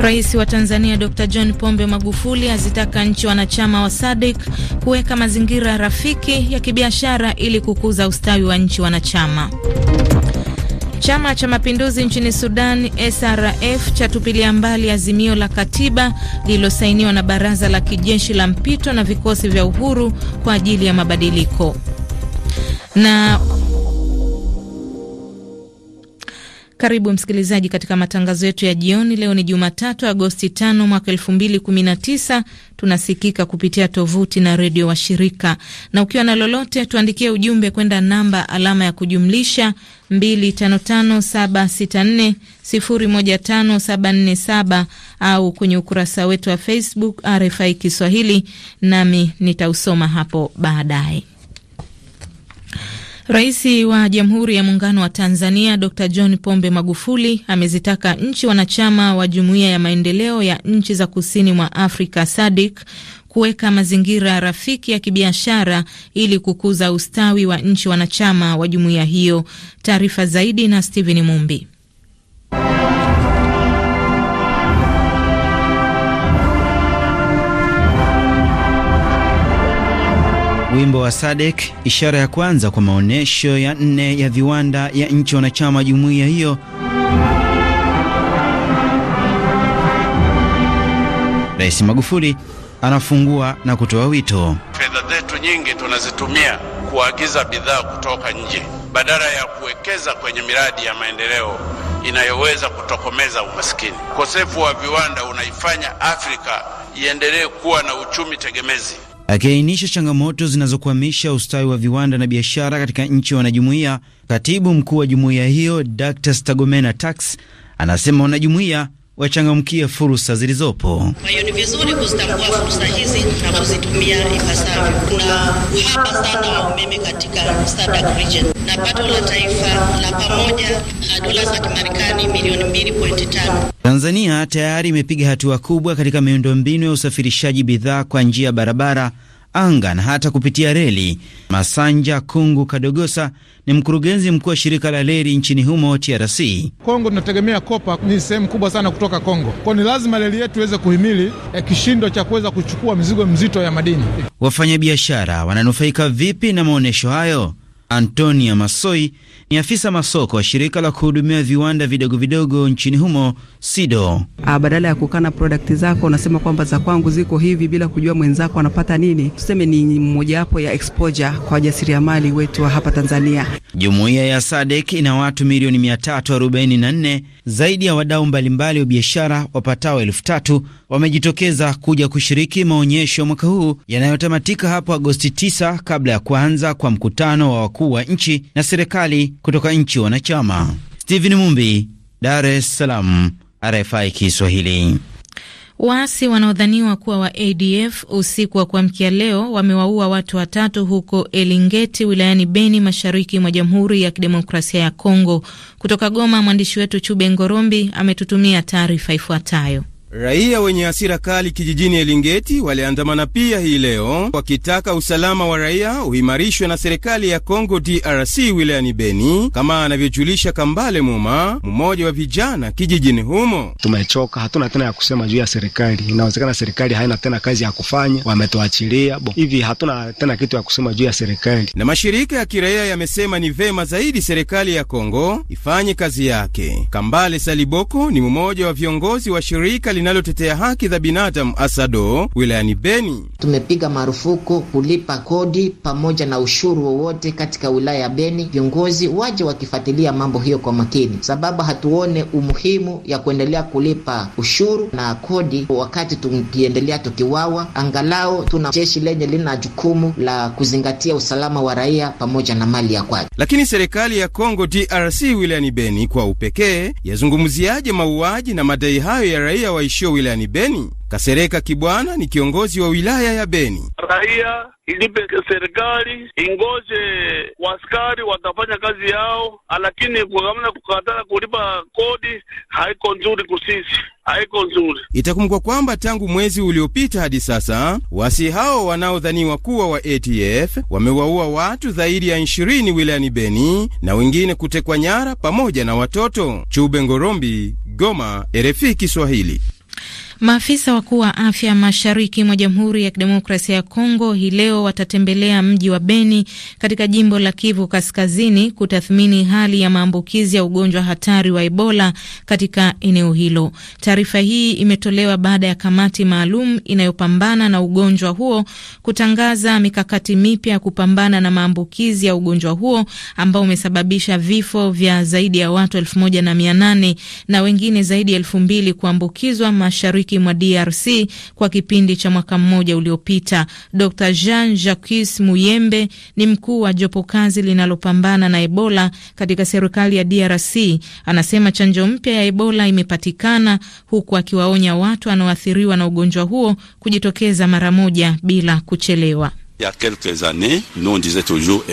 Rais wa Tanzania Dr. John Pombe Magufuli azitaka nchi wanachama wa SADC kuweka mazingira rafiki ya kibiashara ili kukuza ustawi wa nchi wanachama. Chama cha Mapinduzi nchini Sudan SRF chatupilia mbali azimio la katiba lililosainiwa na baraza la kijeshi la mpito na vikosi vya uhuru kwa ajili ya mabadiliko na Karibu msikilizaji katika matangazo yetu ya jioni. Leo ni Jumatatu, Agosti 5 mwaka 2019. Tunasikika kupitia tovuti na redio wa shirika, na ukiwa na lolote tuandikie ujumbe kwenda namba alama ya kujumlisha 255764015747 au kwenye ukurasa wetu wa Facebook RFI Kiswahili, nami nitausoma hapo baadaye. Rais wa Jamhuri ya Muungano wa Tanzania Dr John Pombe Magufuli amezitaka nchi wanachama wa Jumuiya ya Maendeleo ya Nchi za Kusini mwa Afrika SADC kuweka mazingira rafiki ya kibiashara ili kukuza ustawi wa nchi wanachama wa jumuiya hiyo. Taarifa zaidi na Stephen Mumbi. wimbo wa Sadek, ishara ya kwanza kwa maonyesho ya nne ya viwanda ya nchi wanachama jumuiya hiyo Rais Magufuli anafungua na kutoa wito. Fedha zetu nyingi tunazitumia kuagiza bidhaa kutoka nje badala ya kuwekeza kwenye miradi ya maendeleo inayoweza kutokomeza umaskini. Ukosefu wa viwanda unaifanya Afrika iendelee kuwa na uchumi tegemezi. Akiainisha changamoto zinazokwamisha ustawi wa viwanda na biashara katika nchi wanajumuiya, katibu mkuu wa jumuiya hiyo Dr Stagomena Tax anasema wanajumuiya wachangamkie fursa zilizopo. Kwa hiyo ni vizuri kuzitambua fursa hizi na kuzitumia ipasavyo. Kuna uhaba sana wa umeme katika SADC region na pato la taifa la pamoja dola za Kimarekani milioni 2.5. Tanzania tayari imepiga hatua kubwa katika miundombinu ya usafirishaji bidhaa kwa njia ya barabara anga na hata kupitia reli. Masanja Kungu Kadogosa ni mkurugenzi mkuu wa shirika la reli nchini humo TRC. Kongo tunategemea kopa ni sehemu kubwa sana kutoka Kongo, kwa ni lazima reli yetu iweze kuhimili e kishindo cha kuweza kuchukua mizigo mzito ya madini. Wafanyabiashara wananufaika vipi na maonyesho hayo? Antonia Masoi ni afisa masoko wa shirika la kuhudumia viwanda vidogo vidogo nchini humo SIDO. Ah, badala ya kukana product zako unasema kwamba za kwangu ziko hivi bila kujua mwenzako anapata nini. Tuseme ni mmojawapo ya exposure kwa wajasiriamali wetu wa hapa Tanzania. Jumuiya ya SADC ina watu milioni 344, zaidi ya wadau mbalimbali wa biashara wapatao elfu tatu wamejitokeza kuja kushiriki maonyesho mwaka huu yanayotamatika hapo Agosti 9 kabla ya kuanza kwa mkutano wa wakuu wa nchi na serikali kutoka nchi wanachama. Steven Mumbi, Dar es Salaam, RFI Kiswahili. Waasi wanaodhaniwa kuwa wa ADF usiku wa kuamkia leo wamewaua watu watatu huko Elingeti wilayani Beni, mashariki mwa Jamhuri ya Kidemokrasia ya Kongo. Kutoka Goma, mwandishi wetu Chube Ngorombi ametutumia taarifa ifuatayo. Raia wenye hasira kali kijijini Elingeti waliandamana pia hii leo wakitaka usalama wa raia uimarishwe na serikali ya Congo DRC wilayani Beni, kama anavyojulisha Kambale Muma, mmoja wa vijana kijijini humo. Tumechoka, hatuna tena ya kusema juu ya serikali. Inawezekana serikali haina tena kazi ya kufanya, wametuachilia bo hivi, hatuna tena kitu ya kusema juu ya serikali. Na mashirika ya kiraia yamesema ni vema zaidi serikali ya Congo ifanye kazi yake. Kambale Saliboko ni mmoja wa viongozi wa shirika linalotetea haki za binadamu Asado wilayani Beni. Tumepiga marufuku kulipa kodi pamoja na ushuru wowote katika wilaya ya Beni. Viongozi waje wakifuatilia mambo hiyo kwa makini, sababu hatuone umuhimu ya kuendelea kulipa ushuru na kodi wakati tukiendelea tukiwawa. Angalau tuna jeshi lenye lina jukumu la kuzingatia usalama wa raia pamoja na mali ya kwake. Lakini serikali ya Kongo DRC wilayani Beni kwa upekee yazungumziaje mauaji na madai hayo ya raia wa waishio wilayani Beni. Kasereka Kibwana ni kiongozi wa wilaya ya Beni. Raia ilipe serikali ingoje, waskari watafanya kazi yao, lakini kugamana kukatala kulipa kodi haiko nzuri kusisi, haiko nzuri. Itakumbukwa kwamba tangu mwezi uliopita hadi sasa wasi hao wanaodhaniwa kuwa wa ATF wamewaua watu zaidi ya ishirini wilayani Beni na wengine kutekwa nyara pamoja na watoto. Chube Ngorombi, Goma, RFI Kiswahili. Maafisa wakuu wa afya mashariki mwa Jamhuri ya Kidemokrasia ya Kongo hii leo watatembelea mji wa Beni katika jimbo la Kivu Kaskazini kutathmini hali ya maambukizi ya ugonjwa hatari wa Ebola katika eneo hilo. Taarifa hii imetolewa baada ya kamati maalum inayopambana na ugonjwa huo kutangaza mikakati mipya ya kupambana na maambukizi ya ugonjwa huo ambao umesababisha vifo vya zaidi ya watu elfu moja na mia nane na wengine zaidi ya elfu mbili kuambukizwa mashariki mashariki mwa DRC kwa kipindi cha mwaka mmoja uliopita. Dr Jean Jacques Muyembe ni mkuu wa jopo kazi linalopambana na Ebola katika serikali ya DRC. Anasema chanjo mpya ya Ebola imepatikana, huku akiwaonya watu wanaoathiriwa na ugonjwa huo kujitokeza mara moja bila kuchelewa ya eh,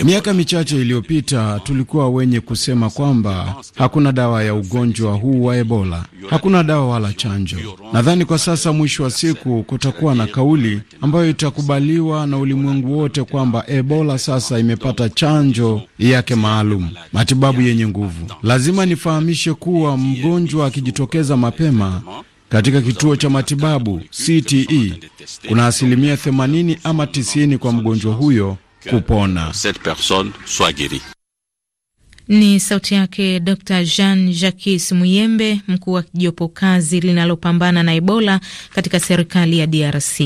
Miaka michache iliyopita tulikuwa wenye kusema kwamba hakuna dawa ya ugonjwa huu wa Ebola, hakuna dawa wala chanjo. Nadhani kwa sasa, mwisho wa siku, kutakuwa na kauli ambayo itakubaliwa na ulimwengu wote kwamba Ebola sasa imepata chanjo yake maalum, matibabu yenye nguvu. Lazima nifahamishe kuwa mgonjwa akijitokeza mapema katika kituo cha matibabu CTE kuna asilimia 80 ama 90 kwa mgonjwa huyo kupona. Ni sauti yake Dr Jean Jacques Muyembe, mkuu wa jopo kazi linalopambana na Ebola katika serikali ya DRC.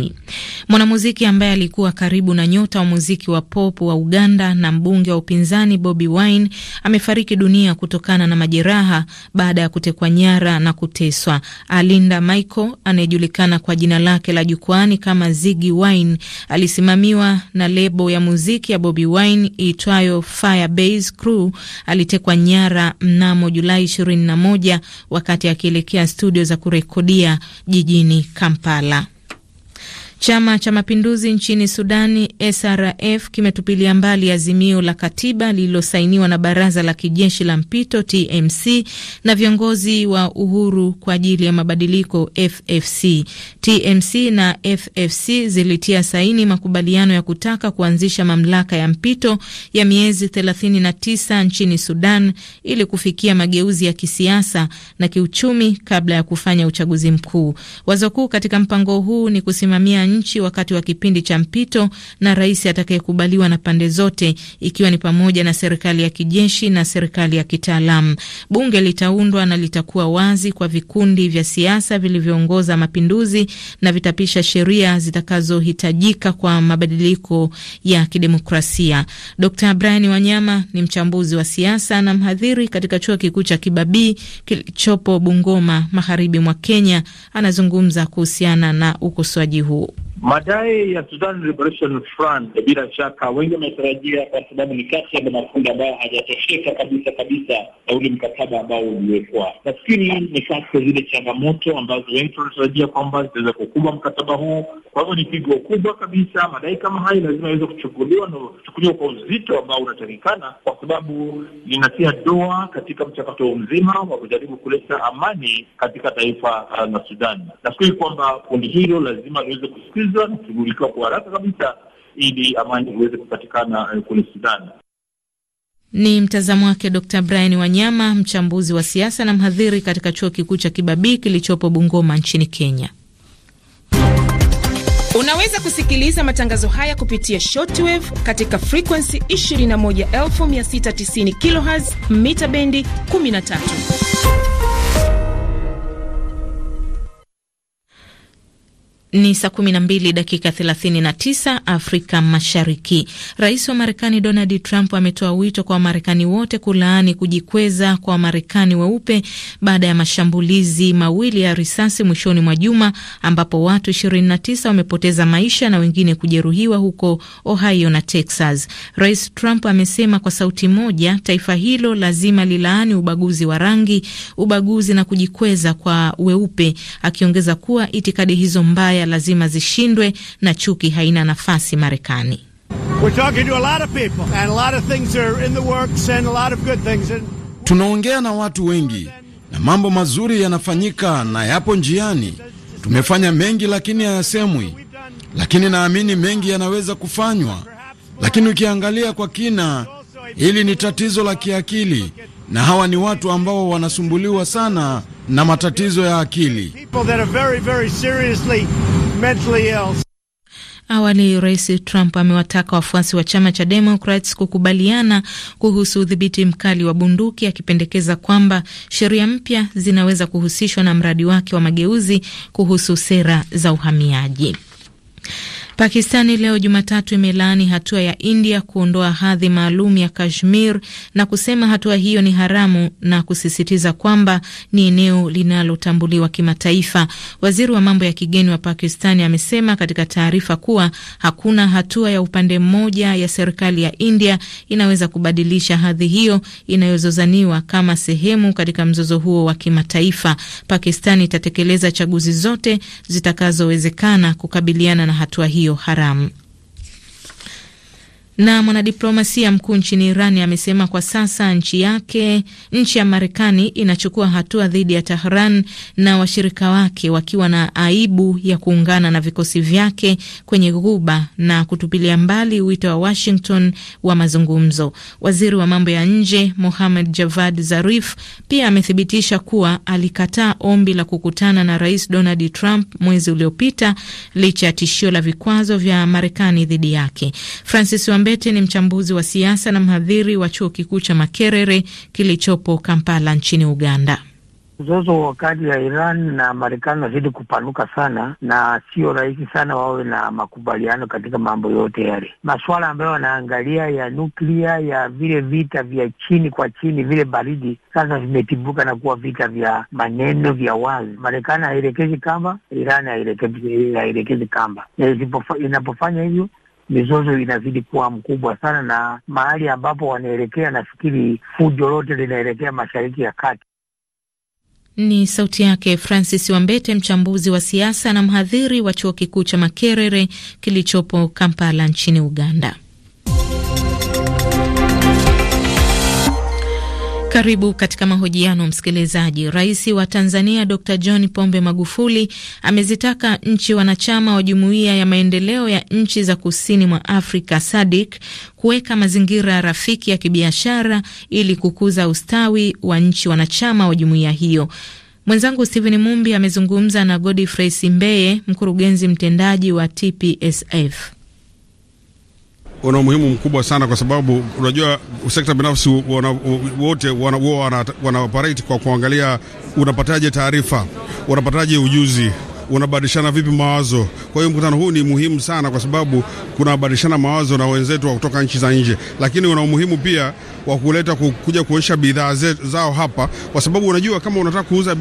Mwanamuziki ambaye alikuwa karibu na nyota wa muziki wa pop wa Uganda na mbunge wa upinzani Bobi Wine amefariki dunia kutokana na majeraha baada ya kutekwa nyara na kuteswa. Alinda Michael anayejulikana kwa jina lake la jukwani kama Ziggy Wine alisimamiwa na lebo ya muziki ya Bobi Wine iitwayo Firebase Crew alitekwa nyara mnamo Julai 21 wakati akielekea studio za kurekodia jijini Kampala. Chama cha mapinduzi nchini Sudani, SRF, kimetupilia mbali azimio la katiba lililosainiwa na baraza la kijeshi la mpito TMC na viongozi wa Uhuru kwa ajili ya mabadiliko FFC. TMC na FFC zilitia saini makubaliano ya kutaka kuanzisha mamlaka ya mpito ya miezi 39 nchini Sudan ili kufikia mageuzi ya kisiasa na kiuchumi kabla ya kufanya uchaguzi mkuu. Wazo kuu katika mpango huu ni kusimamia nchi wakati wa kipindi cha mpito na rais atakayekubaliwa na pande zote, ikiwa ni pamoja na serikali ya kijeshi na serikali ya kitaalamu. Bunge litaundwa na litakuwa wazi kwa vikundi vya siasa vilivyoongoza mapinduzi na vitapisha sheria zitakazohitajika kwa mabadiliko ya kidemokrasia. Dr. Brian Wanyama ni mchambuzi wa siasa na mhadhiri katika chuo kikuu cha Kibabii kilichopo Bungoma, magharibi mwa Kenya. Anazungumza kuhusiana na ukosoaji huu. Madai ya Sudan Liberation Front bila shaka wengi wametarajia, kwa sababu ni kati ya makundi ambayo hajatosheka kabisa kabisa na ule mkataba ambao uliwekwa. Nafikiri ni kati ya zile changamoto ambazo wengi tunatarajia kwamba zitaweza kukumba mkataba huu. Kwa hivyo ni pigo kubwa kabisa. Madai kama hayo lazima yaweze kuchukuliwa na kuchukuliwa kwa uzito ambao unatakikana, kwa sababu linatia doa katika mchakato mzima wa kujaribu kuleta amani katika taifa uh, la Sudan. Nafikiri kwamba kundi hilo lazima liweze kusikiliza kusikilizwa na kushughulikiwa kwa haraka kabisa ili amani iweze kupatikana eh, kule Sudani. Ni mtazamo wake Dr Brian Wanyama, mchambuzi wa siasa na mhadhiri katika chuo kikuu cha Kibabii kilichopo Bungoma nchini Kenya. Unaweza kusikiliza matangazo haya kupitia shortwave katika frekuensi 21690 kHz mita bendi 13. Ni saa 12 dakika 39 Afrika Mashariki. Rais wa Marekani Donald Trump ametoa wito kwa Wamarekani wote kulaani kujikweza kwa Wamarekani weupe baada ya mashambulizi mawili ya risasi mwishoni mwa juma ambapo watu 29 wamepoteza maisha na wengine kujeruhiwa huko Ohio na Texas. Rais Trump amesema kwa sauti moja, taifa hilo lazima lilaani ubaguzi wa rangi, ubaguzi na kujikweza kwa weupe, akiongeza kuwa itikadi hizo mbaya Ulaya lazima zishindwe na chuki haina nafasi Marekani. Tunaongea na watu wengi na mambo mazuri yanafanyika na yapo njiani. Tumefanya mengi lakini hayasemwi, lakini naamini mengi yanaweza kufanywa. Lakini ukiangalia kwa kina, hili ni tatizo la kiakili, na hawa ni watu ambao wanasumbuliwa sana na matatizo ya akili mentally ill. Awali Rais Trump amewataka wafuasi wa chama cha Democrats kukubaliana kuhusu udhibiti mkali wa bunduki, akipendekeza kwamba sheria mpya zinaweza kuhusishwa na mradi wake wa mageuzi kuhusu sera za uhamiaji. Pakistani leo Jumatatu imelaani hatua ya India kuondoa hadhi maalum ya Kashmir na kusema hatua hiyo ni haramu na kusisitiza kwamba ni eneo linalotambuliwa kimataifa. Waziri wa mambo ya kigeni wa Pakistani amesema katika taarifa kuwa hakuna hatua ya upande mmoja ya serikali ya India inaweza kubadilisha hadhi hiyo inayozozaniwa kama sehemu katika mzozo huo wa kimataifa. Pakistani itatekeleza chaguzi zote zitakazowezekana kukabiliana na hatua hiyo haramu. Na mwanadiplomasia mkuu nchini Irani amesema kwa sasa nchi yake, nchi ya Marekani inachukua hatua dhidi ya Tehran na washirika wake wakiwa na aibu ya kuungana na vikosi vyake kwenye Ghuba na kutupilia mbali wito wa Washington wa mazungumzo. Waziri wa mambo ya nje Mohamed Javad Zarif pia amethibitisha kuwa alikataa ombi la kukutana na Rais Donald Trump mwezi uliopita licha ya tishio la vikwazo vya Marekani dhidi yake. Francis wa Ambete ni mchambuzi wa siasa na mhadhiri wa chuo kikuu cha Makerere kilichopo Kampala nchini Uganda. Mzozo kati ya Iran na Marekani unazidi kupanuka sana, na sio rahisi sana wawe na makubaliano katika mambo yote yale. Masuala ambayo wanaangalia ya nuklia, ya vile vita vya chini kwa chini, vile baridi sasa vimetibuka na kuwa vita vya maneno vya wazi. Marekani hairekezi kamba, Iran hairekezi kamba, na inapofanya hivyo mizozo inazidi kuwa mkubwa sana, na mahali ambapo wanaelekea, nafikiri fujo lote linaelekea Mashariki ya Kati. Ni sauti yake Francis Wambete, mchambuzi wa siasa na mhadhiri wa chuo kikuu cha Makerere kilichopo Kampala nchini Uganda. Karibu katika mahojiano msikilizaji. Rais wa Tanzania Dr John Pombe Magufuli amezitaka nchi wanachama wa Jumuiya ya Maendeleo ya Nchi za Kusini mwa Afrika sadic kuweka mazingira rafiki ya kibiashara ili kukuza ustawi wa nchi wanachama wa jumuiya hiyo. Mwenzangu Stephen Mumbi amezungumza na Godfrey Simbeye, mkurugenzi mtendaji wa TPSF una umuhimu mkubwa sana, kwa sababu unajua sekta binafsi wote wana, wana, wana operate kwa kuangalia unapataje taarifa, unapataje ujuzi unabadilishana vipi mawazo. Kwa hiyo mkutano huu ni muhimu sana, kwa sababu kunabadilishana mawazo na wenzetu wa kutoka nchi za nje, lakini una umuhimu pia wa kuleta kuja kuonyesha bidhaa zao hapa, kwa sababu unajua kama unataka kuuza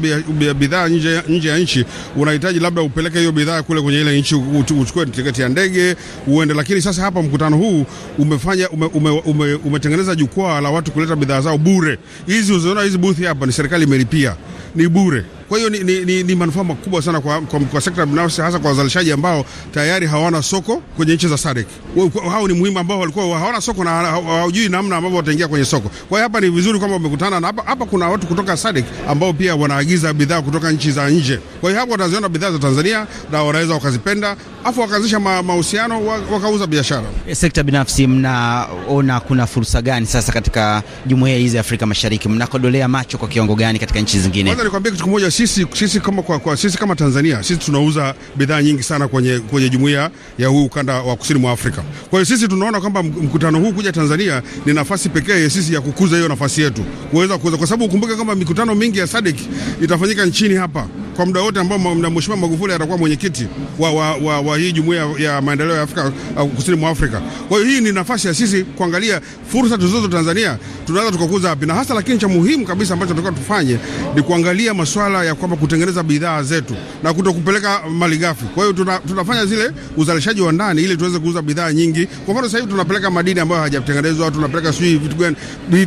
bidhaa nje, nje ya nchi unahitaji labda upeleke hiyo bidhaa kule kwenye ile nchi, uchukue tiketi ya ndege uende. Lakini sasa hapa mkutano huu umefanya umetengeneza ume, ume, jukwaa la watu kuleta bidhaa zao bure. Hizi uziona hizi booth hapa, ni serikali imelipia, ni bure. Kwa hiyo ni, ni, ni, ni manufaa makubwa sana kwa, kwa, kwa sekta binafsi, hasa kwa wazalishaji ambao tayari hawana soko kwenye nchi za SADC. Hao ni muhimu ambao walikuwa hawana soko na hawajui namna ambavyo wataingia kwenye soko. Kwa hiyo hapa ni vizuri kwamba wamekutana na hapa, hapa kuna watu kutoka SADC ambao pia wanaagiza bidhaa kutoka nchi za nje. Kwa hiyo hapo wataziona bidhaa za Tanzania na wanaweza wakazipenda, afu wakaanzisha mahusiano wakauza biashara. Eh, sekta binafsi, mnaona kuna fursa gani sasa katika jumuiya hizi Afrika Mashariki? Mnakodolea macho kwa kiongo gani katika nchi zingine? Kwanza nikwambie kitu kimoja sisi, sisi, kama kwa, kwa, sisi kama Tanzania sisi tunauza bidhaa nyingi sana kwenye, kwenye jumuiya ya huu ukanda wa kusini mwa Afrika. Kwa hiyo sisi tunaona kwamba mkutano huu kuja Tanzania ni nafasi pekee sisi ya kukuza hiyo nafasi yetu kuweza kuweza, kwa sababu ukumbuke kwamba mikutano mingi ya SADC itafanyika nchini hapa kwa muda wote ambao Mheshimiwa Magufuli atakuwa mwenyekiti wa, wa, wa, wa hii jumuiya ya maendeleo ya Afrika kusini mwa Afrika. Kwa hiyo hii ni nafasi ya sisi kuangalia fursa tulizozo Tanzania tunaweza tukakuza wapi, na hasa lakini cha muhimu kabisa ambacho tunataka tufanye ni kuangalia masuala ya kwamba kutengeneza bidhaa zetu na kutokupeleka malighafi. Kwa hiyo tuna, tunafanya zile uzalishaji wa ndani ili tuweze kuuza bidhaa nyingi. Kwa mfano sasa hivi tunapeleka madini ambayo hayajatengenezwa, tunapeleka sijui vitu gani.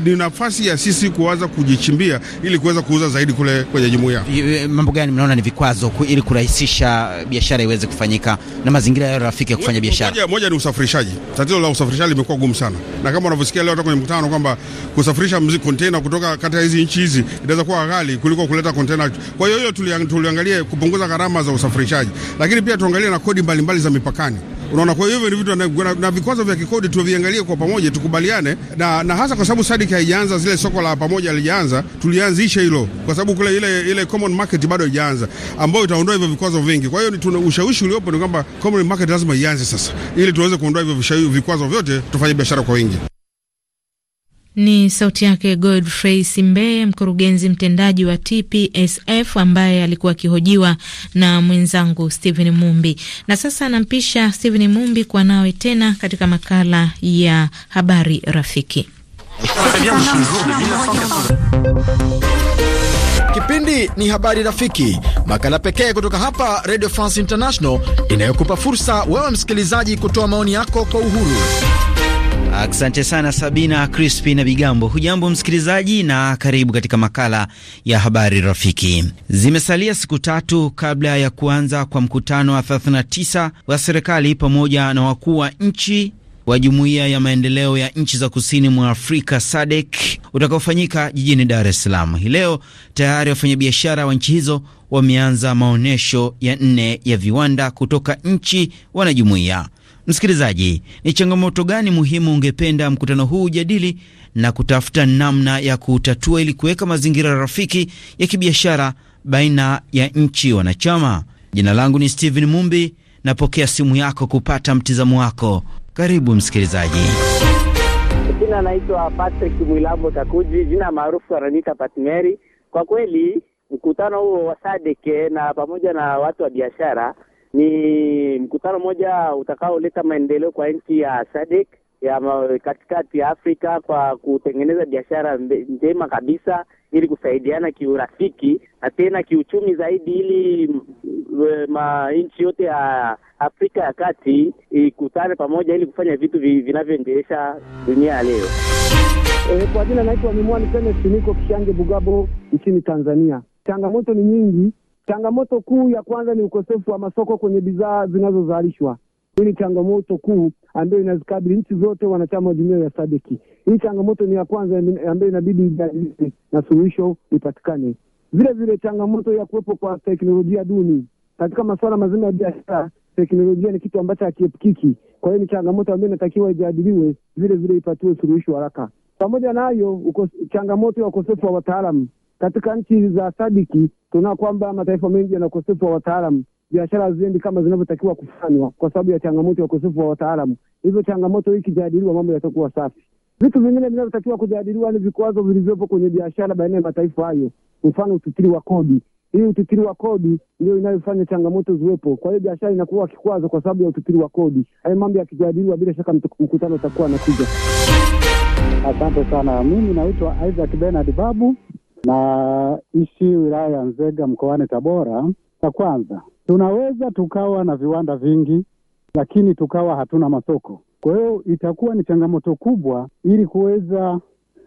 Ni nafasi ya sisi kuanza kujichimbia ili kuweza kuuza zaidi kule kwenye jumuiya. Mambo gani mnaona ni vikwazo ili kurahisisha uh, biashara iweze kufanyika na mazingira yayo rafiki ya kufanya biashara? Moja, moja ni usafirishaji. Tatizo la usafirishaji limekuwa gumu sana, na kama unavyosikia leo hata kwenye mkutano kwamba kusafirisha mzigo container kutoka kati ya hizi nchi hizi inaweza kuwa ghali kuliko kuleta container. Kwa hiyo hiyo tuliangalia kupunguza gharama za usafirishaji, lakini pia tuangalie na kodi mbalimbali mbali za mipakani Unaona, kwa hivyo ni vitu na, na vikwazo vya kikodi tuviangalie kwa pamoja, tukubaliane na, na hasa kwa sababu SADC haijaanza zile soko la pamoja alijaanza tulianzisha hilo kwa sababu kule ile, ile common market bado haijaanza, ambayo itaondoa hivyo vikwazo vingi. Kwa hiyo tuna ushawishi uliopo ni kwamba common market lazima ianze sasa, ili tuweze kuondoa hivyo vikwazo vyote, tufanye biashara kwa wingi. Ni sauti yake Godfrey Simbeye, mkurugenzi mtendaji wa TPSF ambaye alikuwa akihojiwa na mwenzangu Stephen Mumbi. Na sasa anampisha Stephen Mumbi kwa nawe tena katika makala ya habari rafiki. Kipindi ni habari rafiki, makala pekee kutoka hapa Radio France International inayokupa fursa wewe msikilizaji kutoa maoni yako kwa uhuru. Asante sana Sabina Crispi na Bigambo. Hujambo msikilizaji, na karibu katika makala ya habari rafiki. Zimesalia siku tatu kabla ya kuanza kwa mkutano wa 39 wa serikali pamoja na wakuu wa nchi wa jumuiya ya maendeleo ya nchi za kusini mwa Afrika SADC utakaofanyika jijini Dar es Salaam hii leo. Tayari wafanyabiashara wa nchi hizo wameanza maonyesho ya nne ya viwanda kutoka nchi wanajumuiya Msikilizaji, ni changamoto gani muhimu ungependa mkutano huu ujadili na kutafuta namna ya kutatua ili kuweka mazingira rafiki ya kibiashara baina ya nchi wanachama? Jina langu ni Steven Mumbi, napokea simu yako kupata mtizamo wako. Karibu msikilizaji. Jina naitwa Patrick Mwilambo Takuji, jina maarufu ananiita Patmeri. Kwa kweli mkutano huo wa Sadeke na pamoja na watu wa biashara ni mkutano mmoja utakaoleta maendeleo kwa nchi ya SADC ya katikati ya Afrika kwa kutengeneza biashara njema kabisa ili kusaidiana kiurafiki na tena kiuchumi zaidi, ili manchi yote ya Afrika ya kati ikutane pamoja ili kufanya vitu vinavyoendelesha dunia ya leo. E, kwa jina naitwa Mimwani Kenneth Niko Kishange Bugabo nchini Tanzania. Changamoto ni nyingi Changamoto kuu ya kwanza ni ukosefu wa masoko kwenye bidhaa zinazozalishwa. Hii ni changamoto kuu ambayo inazikabili nchi zote wanachama wa jumuiya ya Sadeki. Hii changamoto ni ya kwanza ambayo inabidi ijadiliwe na suluhisho ipatikane. Vile vile changamoto ya kuwepo kwa teknolojia duni katika masuala mazima ya biashara. Teknolojia ni kitu ambacho hakiepukiki, kwa hiyo ni changamoto ambayo inatakiwa ijadiliwe, vile vile ipatiwe suluhisho haraka. Pamoja na hayo, changamoto ya ukosefu wa wataalamu katika nchi za sadiki tunaona kwamba mataifa mengi yana ukosefu wa wataalamu, biashara haziendi kama zinavyotakiwa kufanywa kwa sababu ya changamoto ya ukosefu wa wataalamu. Hivyo changamoto hii ikijadiliwa, mambo yatakuwa safi. Vitu vingine vinavyotakiwa kujadiliwa ni vikwazo vilivyopo kwenye biashara baina ya mataifa hayo, mfano utitiri wa kodi. Hii utitiri wa kodi ndio inayofanya changamoto ziwepo, kwa hiyo biashara inakuwa kikwazo kwa sababu ya utitiri wa kodi. Hayo mambo yakijadiliwa, bila shaka mkutano utakuwa na tija. Asante sana. Mimi naitwa Isaac benard Babu, na ishi wilaya ya Nzega mkoani Tabora. Cha kwanza, tunaweza tukawa na viwanda vingi, lakini tukawa hatuna masoko. Kwa hiyo itakuwa ni changamoto kubwa ili kuweza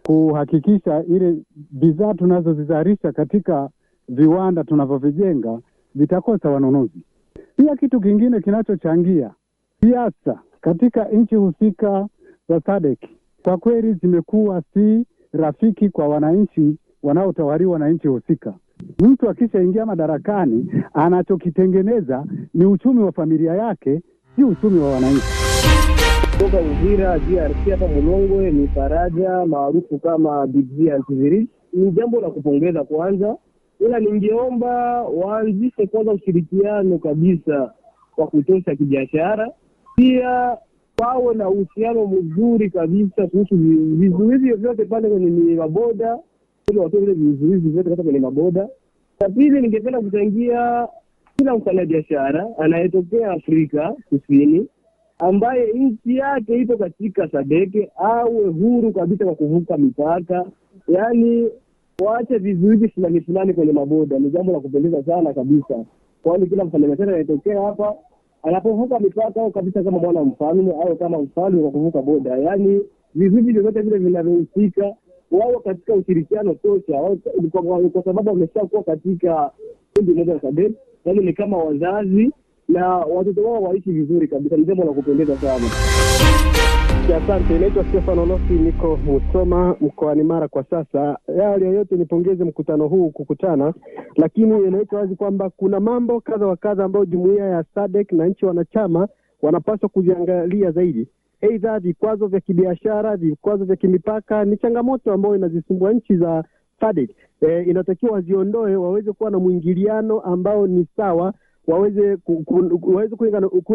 kuhakikisha ile bidhaa tunazozizalisha katika viwanda tunavyovijenga vitakosa wanunuzi. Pia kitu kingine kinachochangia siasa katika nchi husika za SADC kwa kweli zimekuwa si rafiki kwa wananchi wanaotawaliwa na nchi husika. Mtu akishaingia madarakani, anachokitengeneza ni uchumi wa familia yake, si uchumi wa wananchi. Kutoka Uvira DRC hapa Mulongwe ni Faraja maarufu kama Big Ni jambo la kupongeza kwanza, ila ningeomba waanzishe kwanza ushirikiano kabisa wa kutosha kibiashara, pia wawe na uhusiano mzuri kabisa kuhusu vizuizi vyovyote pale kwenye maboda watoe vile vizuizi vyote kata kwenye maboda. Na pili, ningependa kuchangia kila mfanyabiashara anayetokea Afrika Kusini ambaye nchi yake ipo katika sadeke awe huru kabisa kwa kuvuka mipaka, yaani waache vizuizi fulani fulani kwenye maboda. Ni jambo la kupendeza sana kabisa, kwani kila mfanyabiashara anayetokea hapa anapovuka mipaka au kabisa kama mwana mfalme au kama mfalme kwa kuvuka boda, yaani vizuizi vyovyote vile vinavyohusika wao katika ushirikiano tosha, kwa sababu wamesha kuwa katika kundi moja la kabeli yaani ni kama wazazi na watoto wao waishi vizuri kabisa. Ni jambo la kupendeza sana. Asante. Inaitwa Stefano Losi, niko Musoma mkoani Mara kwa sasa. Yale yoyote nipongeze mkutano huu kukutana, lakini inaweka wazi kwamba kuna mambo kadha wa kadha ambayo jumuiya ya SADC na nchi wanachama wanapaswa kuziangalia zaidi eidha vikwazo vya kibiashara, vikwazo vya kimipaka, ni changamoto ambayo inazisumbua nchi za E, inatakiwa waziondoe waweze kuwa na mwingiliano ambao ni sawa waweze waweze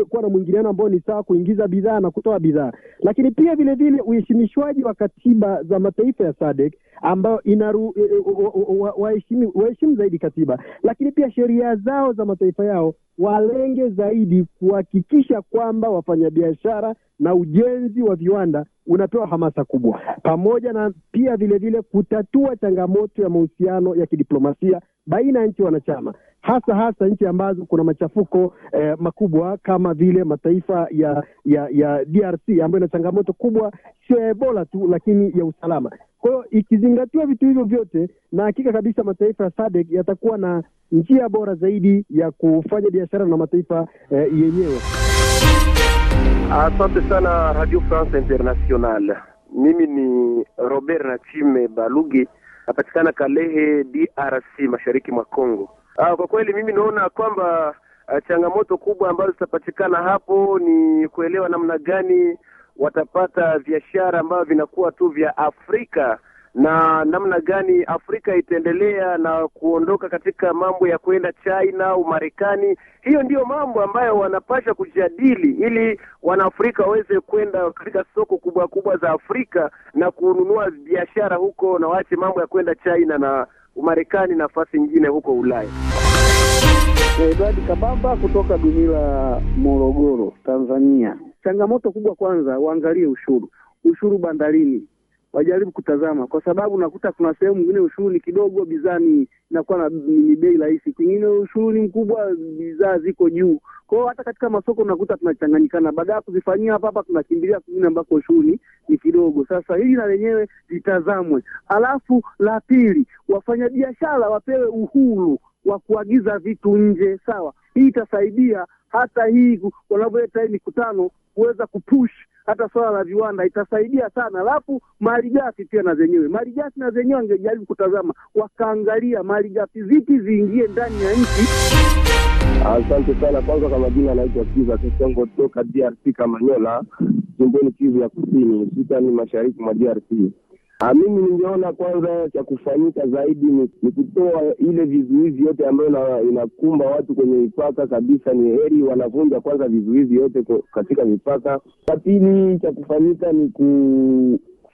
kuwa na mwingiliano ambao ni sawa, kuingiza bidhaa na kutoa bidhaa, lakini pia vile vile uheshimishwaji wa katiba za mataifa ya SADC ambayo inaru e, e, waheshimu zaidi katiba, lakini pia sheria zao za mataifa yao walenge zaidi kuhakikisha kwamba wafanyabiashara na ujenzi wa viwanda unapewa hamasa kubwa, pamoja na pia vilevile vile kutatua changamoto ya mahusiano ya kidiplomasia baina ya nchi wanachama hasa hasa nchi ambazo kuna machafuko eh, makubwa kama vile mataifa ya ya ya DRC ambayo ina changamoto kubwa, sio ya Ebola tu, lakini ya usalama. Kwa hiyo ikizingatiwa vitu hivyo vyote, na hakika kabisa mataifa ya SADC yatakuwa na njia bora zaidi ya kufanya biashara na mataifa eh, yenyewe. Asante sana Radio France International. Mimi ni Robert Nachime Balugi, napatikana Kalehe, DRC, mashariki mwa congo Uh, kwa kweli mimi naona kwamba uh, changamoto kubwa ambazo zitapatikana hapo ni kuelewa namna gani watapata biashara ambavyo vinakuwa tu vya Afrika na namna gani Afrika itaendelea na kuondoka katika mambo ya kwenda China au Marekani. Hiyo ndiyo mambo ambayo wanapasha kujadili, ili wanaafrika waweze kwenda katika soko kubwa kubwa za Afrika na kununua biashara huko, na waache mambo ya kwenda China na Umarekani, nafasi nyingine huko Ulaya. Edwadi Kabamba kutoka la Morogoro, Tanzania. Changamoto kubwa kwanza, waangalie ushuru, ushuru bandarini wajaribu kutazama, kwa sababu unakuta kuna sehemu ingine ushuru ni kidogo, bidhaa ni inakuwa ni bei rahisi, kwingine ushuru ni mkubwa, bidhaa ziko juu. Kwa hiyo hata katika masoko unakuta tunachanganyikana, baada ya kuzifanyia hapa hapa tunakimbilia kwingine ambako ushuru ni kidogo. Sasa hili na lenyewe litazamwe. Alafu la pili, wafanyabiashara wapewe uhuru wa kuagiza vitu nje, sawa. Hii itasaidia hata hii wanavyoleta hii mikutano kuweza kupush hata swala la viwanda itasaidia sana. Alafu malighafi pia na zenyewe, malighafi na zenyewe wangejaribu kutazama, wakaangalia malighafi zipi ziingie ndani ya nchi. Asante sana. Kwanza kwa majina anaitwa Kiza Kisongo toka DRC Kamanyola, jimboni Kivu ya Kusini, sitani mashariki mwa DRC. Ah, mimi ningeona kwanza cha kufanyika zaidi ni, ni kutoa ile vizuizi yote ambayo inakumba watu kwenye mipaka kabisa. Ni heri wanavunja kwanza vizuizi yote katika mipaka. Cha pili cha kufanyika ni ku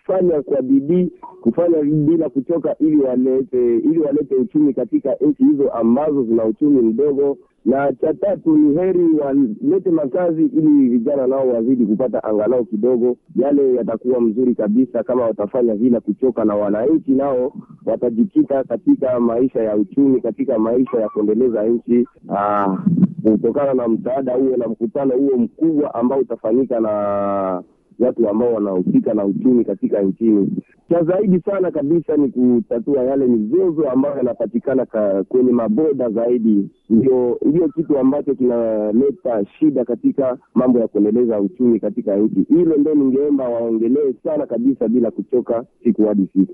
kufanya kwa bidii, kufanya bila kuchoka, ili walete ili walete uchumi katika nchi hizo ambazo zina uchumi mdogo, na cha tatu ni heri walete makazi, ili vijana nao wazidi kupata angalau kidogo. Yale yatakuwa mzuri kabisa kama watafanya bila kuchoka, na wananchi nao watajikita katika maisha ya uchumi, katika maisha ya kuendeleza nchi ah, kutokana na msaada huo na mkutano huo mkubwa ambao utafanyika na watu ambao wanahusika na uchumi katika nchini. Cha zaidi sana kabisa ni kutatua yale mizozo ambayo yanapatikana kwenye maboda zaidi, ndio ndio kitu ambacho kinaleta shida katika mambo ya kuendeleza uchumi katika nchi. Hilo ndo ningeomba waongelee sana kabisa, bila kuchoka, siku hadi siku.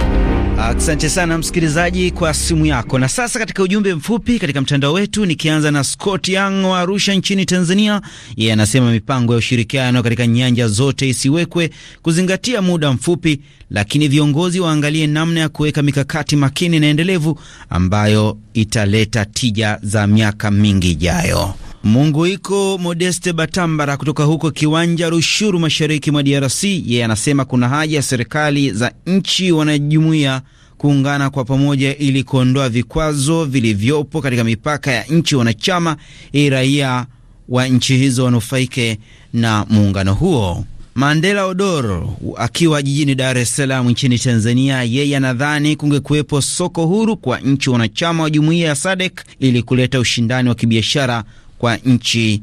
Asante sana msikilizaji kwa simu yako. Na sasa katika ujumbe mfupi katika mtandao wetu, nikianza na Scott Young wa Arusha nchini Tanzania. Yeye anasema mipango ya ushirikiano katika nyanja zote isiwekwe kuzingatia muda mfupi, lakini viongozi waangalie namna ya kuweka mikakati makini na endelevu ambayo italeta tija za miaka mingi ijayo. Munguiko Modeste Batambara kutoka huko Kiwanja Rushuru, mashariki mwa DRC, yeye anasema kuna haja ya serikali za nchi wanajumuia kuungana kwa pamoja ili kuondoa vikwazo vilivyopo katika mipaka ya nchi wanachama ili raia wa nchi hizo wanufaike na muungano huo. Mandela Odor akiwa jijini Dar es Salaam nchini Tanzania, yeye anadhani kungekuwepo soko huru kwa nchi wanachama wa jumuiya ya SADC ili kuleta ushindani wa kibiashara kwa nchi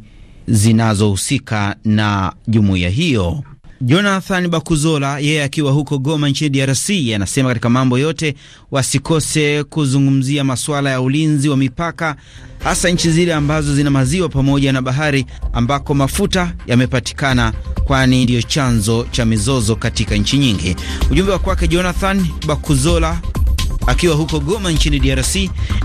zinazohusika na jumuiya hiyo. Jonathan Bakuzola yeye akiwa huko Goma nchini DRC anasema katika mambo yote wasikose kuzungumzia masuala ya ulinzi wa mipaka, hasa nchi zile ambazo zina maziwa pamoja na bahari ambako mafuta yamepatikana, kwani ndiyo chanzo cha mizozo katika nchi nyingi. Ujumbe wa kwake Jonathan Bakuzola akiwa huko Goma nchini DRC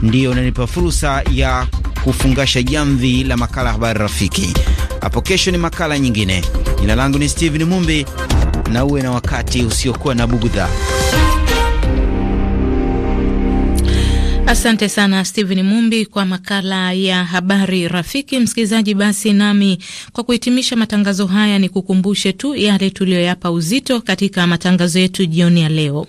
ndiyo unanipa fursa ya hufungasha jamvi la makala ya habari rafiki. Hapo kesho ni makala nyingine. Jina langu ni Steven Mumbi, na uwe na wakati usiokuwa na bugudha. Asante sana Stephen Mumbi kwa makala ya habari rafiki. Msikilizaji, basi nami kwa kuhitimisha matangazo haya ni kukumbushe tu yale tuliyoyapa uzito katika matangazo yetu jioni ya leo.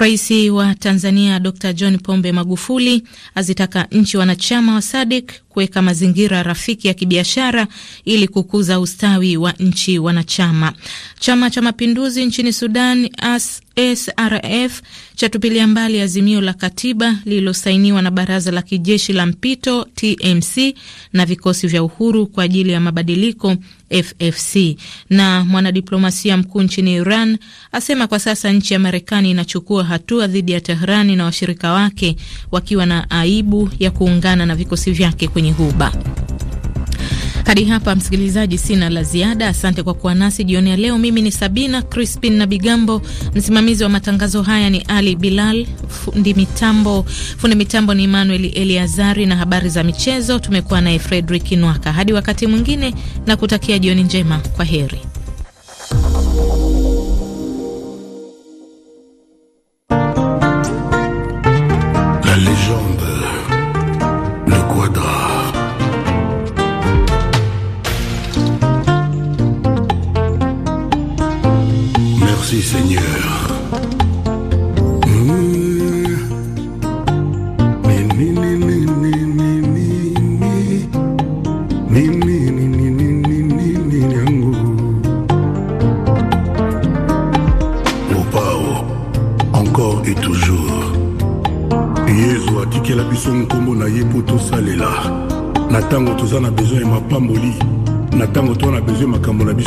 Rais wa Tanzania Dr John Pombe Magufuli azitaka nchi wanachama wa SADC kuweka mazingira rafiki ya kibiashara ili kukuza ustawi wa nchi wanachama. Chama cha Mapinduzi nchini Sudan AS, SRF chatupilia mbali azimio la katiba lililosainiwa na baraza la kijeshi la mpito TMC na vikosi vya uhuru kwa ajili ya mabadiliko FFC. Na mwanadiplomasia mkuu nchini Iran asema kwa sasa nchi ya Marekani inachukua hatua dhidi ya Tehrani na washirika wake wakiwa na aibu ya kuungana na vikosi vyake kwenye Ghuba. Hadi hapa msikilizaji, sina la ziada. Asante kwa kuwa nasi jioni ya leo. Mimi ni Sabina Crispin na Bigambo, msimamizi wa matangazo haya ni Ali Bilal, fundi mitambo, fundi mitambo ni Emmanuel Eliazari, na habari za michezo tumekuwa naye Fredrik Nwaka. Hadi wakati mwingine, na kutakia jioni njema, kwa heri.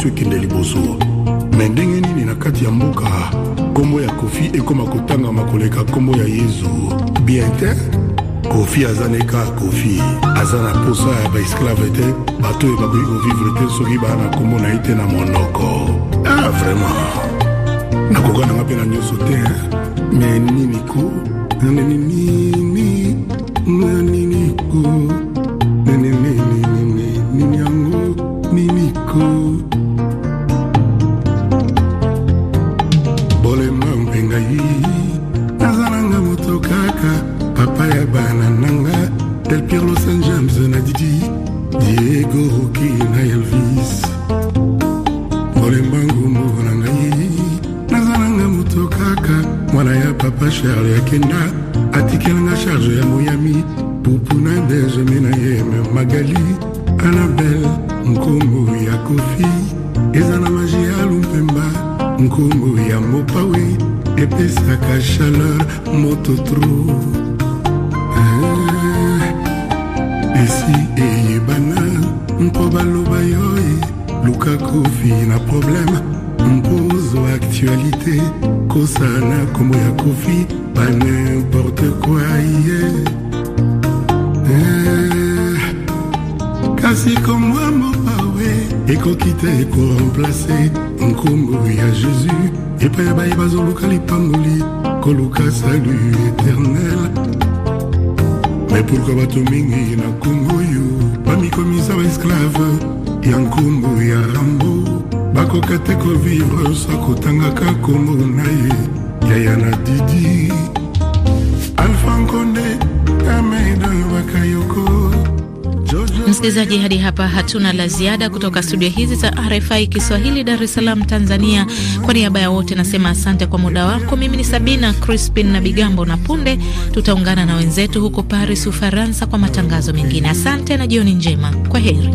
biso ekende liboso me ndenge nini na kati ya mboka nkombo ya kofi ekoma kotangama koleka nkombo ya yezu bien te kofi aza na eka kofi aza na posa ya baesklave te bato oyo e bakoki kovivre te soki baa na nkombo na ye te na monoko ah vraiment nakoka nanga mpe na nyonso te me nini ko nini nini nini ko hapa hatuna la ziada kutoka studio hizi za RFI Kiswahili, Dar es Salaam, Tanzania. Kwa niaba ya wote nasema asante kwa muda wako. Mimi ni Sabina Crispin na Bigambo, na punde tutaungana na wenzetu huko Paris, Ufaransa, kwa matangazo mengine. Asante na jioni njema, kwa heri.